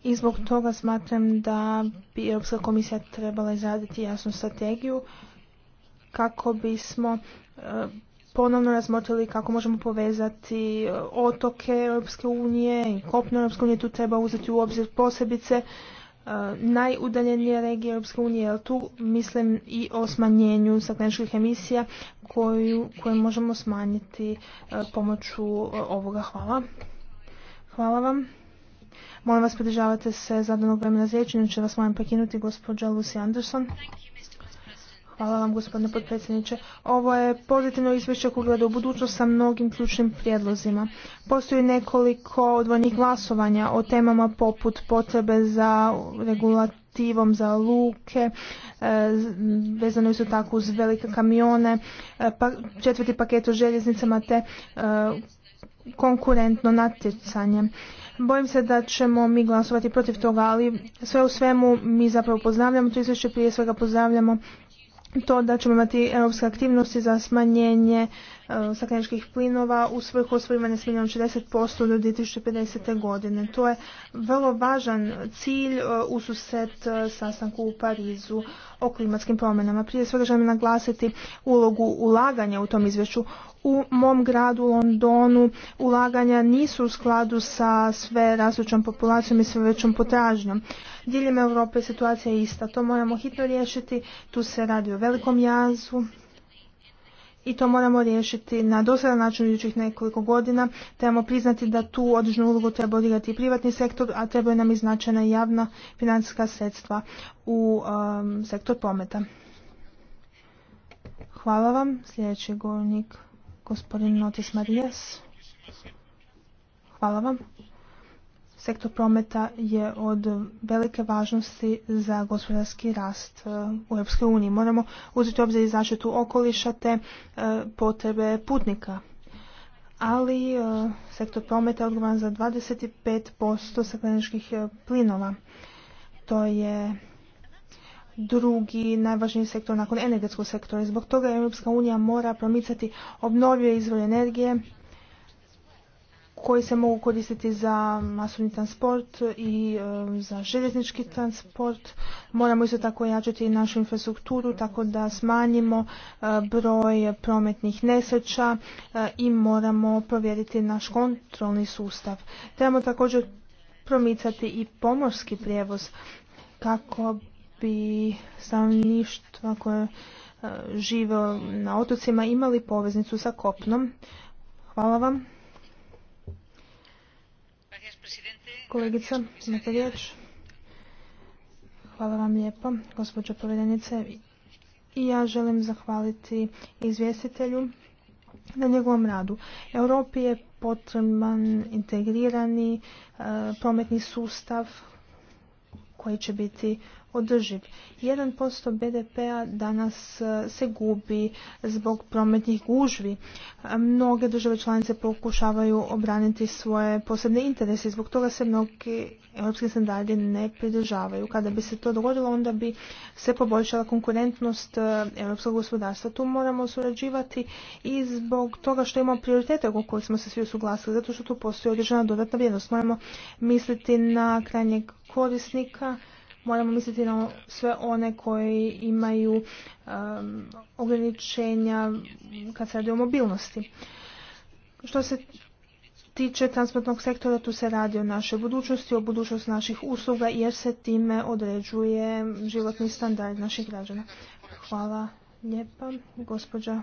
i zbog toga smatram da bi Europska komisija trebala izraditi jasnu strategiju kako bismo e, ponovno razmotrili kako možemo povezati e, otoke Europske unije i kopno Europske unije. Tu treba uzeti u obzir posebice e, najudaljenije regije Europske unije, tu mislim i o smanjenju stakleničkih emisija koju, koje možemo smanjiti e, pomoću ovoga. Hvala. Hvala vam. Molim vas, podržavate se zadanog vremena za će vas moram prekinuti gospođa Lucy Anderson. Hvala vam gospodine potpredsjedniče. Ovo je pozitivno izvješće koje gleda u budućnost sa mnogim ključnim prijedlozima. Postoji nekoliko odvojnih glasovanja o temama poput potrebe za regulativom za luke, e, vezano isto tako uz velike kamione, e, pa, četvrti paket o željeznicama te e, konkurentno natjecanje. Bojim se da ćemo mi glasovati protiv toga, ali sve u svemu mi zapravo pozdravljamo to izvješće, prije svega pozdravljamo to da ćemo imati europske aktivnosti za smanjenje Um, stakleničkih plinova u svrhu osvojima s šezdeset 60% do 2050. godine. To je vrlo važan cilj uh, u suset uh, sastanku u Parizu o klimatskim promjenama. Prije svega želim naglasiti ulogu ulaganja u tom izvješću. U mom gradu Londonu ulaganja nisu u skladu sa sve rastućom populacijom i sve većom potražnjom. Diljem Europe situacija je ista. To moramo hitno riješiti. Tu se radi o velikom jazu i to moramo riješiti na dosadan način u idućih nekoliko godina. Trebamo priznati da tu određenu ulogu treba odigrati i privatni sektor, a trebaju nam i značajna javna financijska sredstva u um, sektor pometa. Hvala vam. Sljedeći govornik, gospodin Notis Marijas. Hvala vam sektor prometa je od velike važnosti za gospodarski rast e, u EU. Moramo uzeti obzir i zaštitu okoliša te e, potrebe putnika. Ali e, sektor prometa je odgovoran za 25% stakleničkih plinova. To je drugi najvažniji sektor nakon energetskog sektora. Zbog toga Europska unija mora promicati obnovljive izvore energije koji se mogu koristiti za masovni transport i za željeznički transport. Moramo isto tako jačati i našu infrastrukturu tako da smanjimo e, broj prometnih nesreća e, i moramo provjeriti naš kontrolni sustav. Trebamo također promicati i pomorski prijevoz kako bi stanovništva koje žive na otocima imali poveznicu sa kopnom. Hvala vam. Kolegica, imate riječ? Hvala vam lijepo, gospođo povedenice. I ja želim zahvaliti izvjestitelju na njegovom radu. Europi je potreban integrirani e, prometni sustav koji će biti održiv. 1% BDP-a danas e, se gubi zbog prometnih gužvi. E, mnoge države članice pokušavaju obraniti svoje posebne interese i zbog toga se mnogi europski standardi ne pridržavaju. Kada bi se to dogodilo, onda bi se poboljšala konkurentnost e, europskog gospodarstva. Tu moramo surađivati i zbog toga što imamo prioritete oko kojih smo se svi usuglasili, zato što tu postoji određena dodatna vrijednost. Moramo misliti na krajnjeg korisnika, moramo misliti na sve one koji imaju um, ograničenja kad se radi o mobilnosti. Što se tiče transportnog sektora, tu se radi o našoj budućnosti, o budućnosti naših usluga, jer se time određuje životni standard naših građana. Hvala lijepa. Gospođa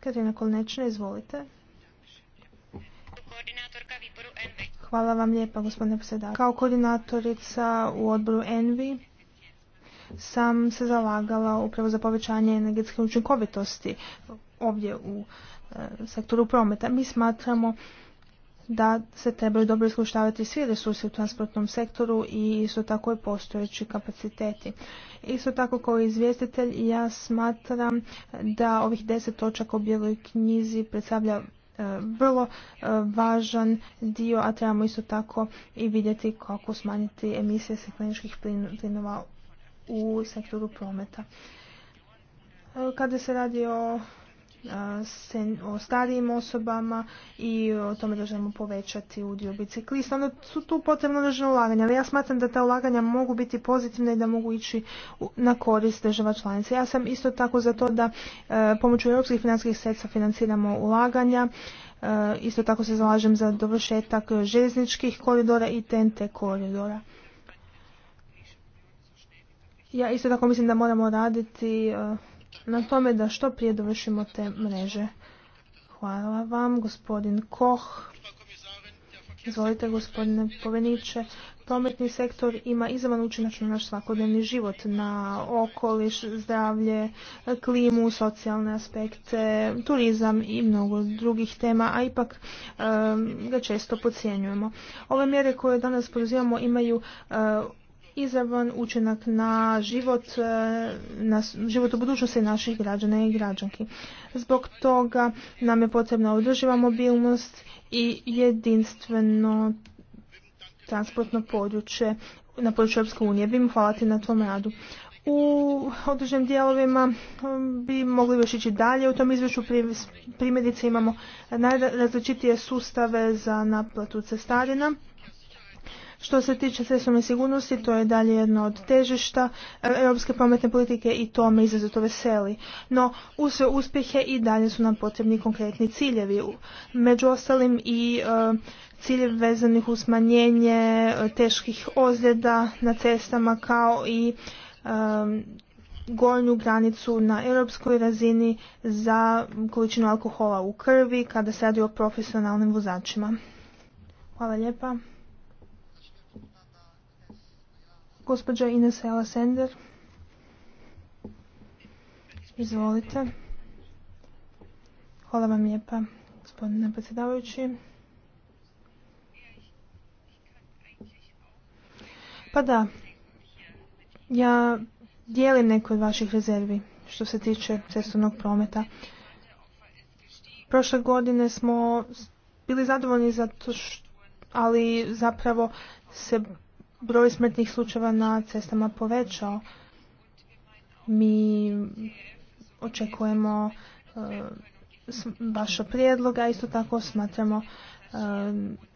Katrina Kolnečna, izvolite. Hvala vam lijepa, gospodine predsjedavajući. Kao koordinatorica u odboru ENVI sam se zalagala upravo za povećanje energetske učinkovitosti ovdje u e, sektoru prometa. Mi smatramo da se trebaju dobro iskuštavati svi resursi u transportnom sektoru i isto tako i postojeći kapaciteti. Isto tako kao izvjestitelj ja smatram da ovih deset točaka u bijeloj knjizi predstavlja E, vrlo e, važan dio, a trebamo isto tako i vidjeti kako smanjiti emisije stakleničkih plinova u sektoru prometa. E, kada se radi o o starijim osobama i o tome da želimo povećati udio biciklista. Onda su tu potrebno ulaganja, ali ja smatram da ta ulaganja mogu biti pozitivne i da mogu ići na korist država članica. Ja sam isto tako za to da e, pomoću europskih financijskih sredstva financiramo ulaganja. E, isto tako se zalažem za dovršetak željezničkih koridora i TNT koridora. Ja isto tako mislim da moramo raditi e, na tome da što prije dovršimo te mreže. Hvala vam, gospodin Koh. Izvolite, gospodine Poveniće. Prometni sektor ima izravan učinak na naš svakodnevni život, na okoliš, zdravlje, klimu, socijalne aspekte, turizam i mnogo drugih tema, a ipak eh, ga često podcjenjujemo. Ove mjere koje danas poduzimamo imaju eh, izravan učinak na život, e, na život u budućnosti naših građana i građanki. Zbog toga nam je potrebna održiva mobilnost i jedinstveno transportno područje na području Europske unije. Bi hvala na tvom radu. U određenim dijelovima bi mogli još ići dalje. U tom izvješću primjerice imamo najrazličitije sustave za naplatu cestarina što se tiče cestovne sigurnosti, to je dalje jedno od težišta e, europske prometne politike i to me izrazito veseli. No, u sve uspjehe i dalje su nam potrebni konkretni ciljevi. Među ostalim i e, ciljevi vezanih u smanjenje e, teških ozljeda na cestama kao i gornju granicu na europskoj razini za količinu alkohola u krvi kada se radi o profesionalnim vozačima. Hvala lijepa. Gospođa Ines Jala Izvolite. Hvala vam lijepa, gospodine predsjedavajući. Pa da, ja dijelim neke od vaših rezervi što se tiče cestovnog prometa. Prošle godine smo bili zadovoljni zato što ali zapravo se broj smrtnih slučajeva na cestama povećao. Mi očekujemo eh, vaša a isto tako smatramo eh,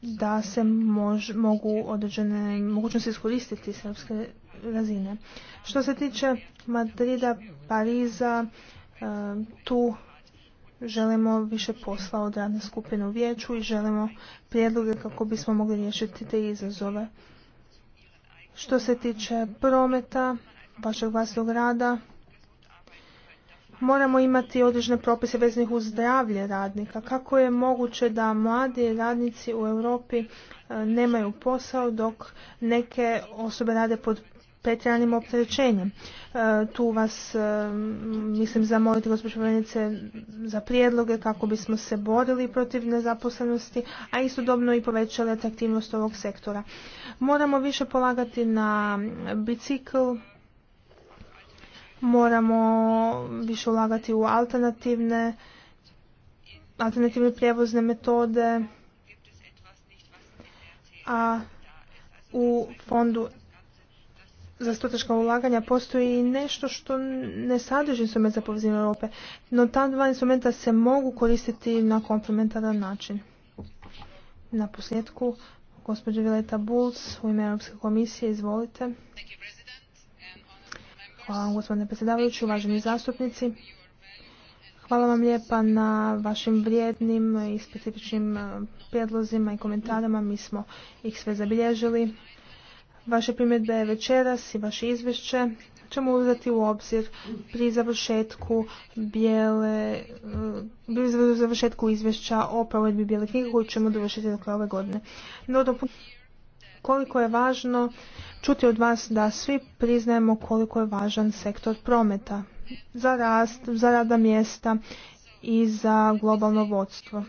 da se mogu određene mogućnosti iskoristiti srpske razine. Što se tiče Madrida, Pariza, eh, tu želimo više posla od radne skupine u vijeću i želimo prijedloge kako bismo mogli riješiti te izazove. Što se tiče prometa, vašeg vlastnog rada, moramo imati određene propise vezanih uz zdravlje radnika. Kako je moguće da mladi radnici u Europi e, nemaju posao dok neke osobe rade pod pretjeranim opterećenjem. E, tu vas e, mislim zamoliti gospođo Venice za prijedloge kako bismo se borili protiv nezaposlenosti, a istodobno i povećali atraktivnost ovog sektora. Moramo više polagati na bicikl, moramo više ulagati u alternativne alternativne prijevozne metode, a u fondu za strateška ulaganja postoji i nešto što ne sadrži instrument za povezivanje Europe, no ta dva instrumenta se mogu koristiti na komplementaran način. Na posljedku Gospođa Vileta Bulc u ime Europske komisije, izvolite. Hvala vam gospodine predsjedavajući, uvaženi zastupnici. Hvala vam lijepa na vašim vrijednim i specifičnim e, prijedlozima i komentarima. Mi smo ih sve zabilježili. Vaše primjedbe večeras i vaše izvješće ćemo uzeti u obzir pri završetku bijele, pri završetku izvješća o provedbi bijele knjige koju ćemo dovršiti do ove godine. No, koliko je važno čuti od vas da svi priznajemo koliko je važan sektor prometa za rast, za rada mjesta i za globalno vodstvo.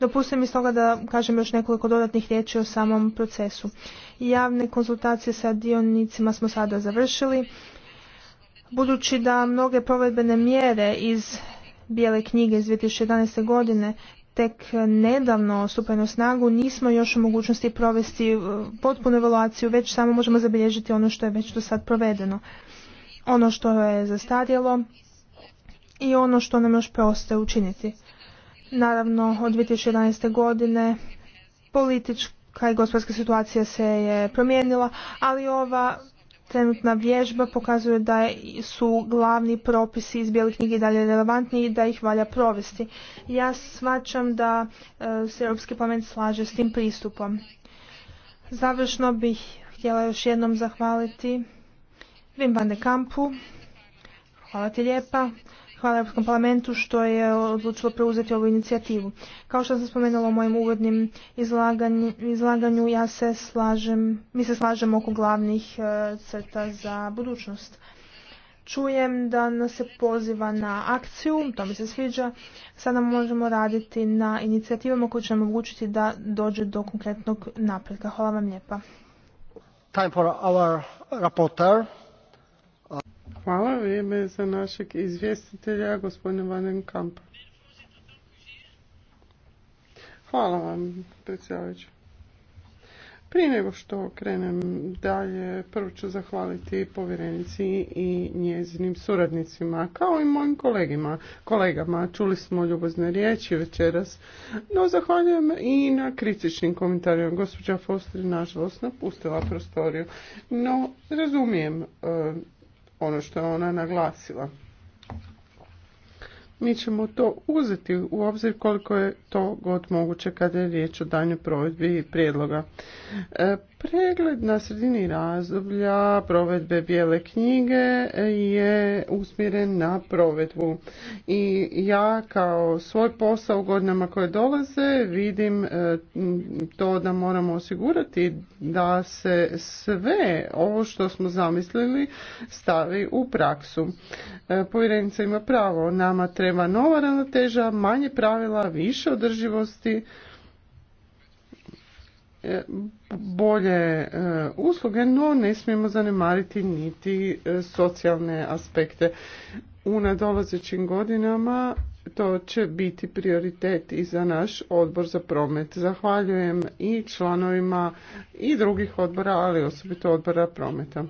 Dopustite mi stoga da kažem još nekoliko dodatnih riječi o samom procesu. Javne konzultacije sa dionicima smo sada završili. Budući da mnoge provedbene mjere iz Bijele knjige iz 2011. godine tek nedavno stupaju na snagu, nismo još u mogućnosti provesti uh, potpunu evaluaciju, već samo možemo zabilježiti ono što je već do sad provedeno. Ono što je zastarjelo i ono što nam još preostaje učiniti. Naravno, od 2011. godine politička i gospodarska situacija se je promijenila, ali ova trenutna vježba pokazuje da su glavni propisi iz Bijelih knjige dalje relevantni i da ih valja provesti. Ja svačam da e, se Europski parlament slaže s tim pristupom. Završno bih htjela još jednom zahvaliti Wim van de Kampu. Hvala ti lijepa. Hvala Europskom parlamentu što je odlučilo preuzeti ovu inicijativu. Kao što sam spomenula u mojim uvodnim izlaganju, ja se slažem, mi se slažemo oko glavnih e, crta za budućnost. Čujem da nas se poziva na akciju, to mi se sviđa. Sada možemo raditi na inicijativama koje će nam omogućiti da dođe do konkretnog napretka. Hvala vam lijepa. Hvala. Vrijeme za našeg izvjestitelja, gospodin Vanen Kampa. Hvala vam, predsjedavajući. Prije nego što krenem dalje, prvo ću zahvaliti povjerenici i njezinim suradnicima, kao i mojim kolegima, kolegama. Čuli smo ljubozne riječi večeras, no zahvaljujem i na kritičnim komentarima. Gospođa Foster, nažalost, napustila prostoriju, no razumijem e, ono što je ona naglasila. Mi ćemo to uzeti u obzir koliko je to god moguće kada je riječ o danju provedbi prijedloga. E, Pregled na sredini razdoblja provedbe bijele knjige je usmjeren na provedbu i ja kao svoj posao u godinama koje dolaze vidim e, to da moramo osigurati da se sve ovo što smo zamislili stavi u praksu. E, povjerenica ima pravo, nama treba nova ravnoteža, manje pravila, više održivosti, E, bolje e, usluge, no ne smijemo zanemariti niti e, socijalne aspekte. U nadolazećim godinama to će biti prioritet i za naš odbor za promet. Zahvaljujem i članovima i drugih odbora, ali osobito odbora prometa.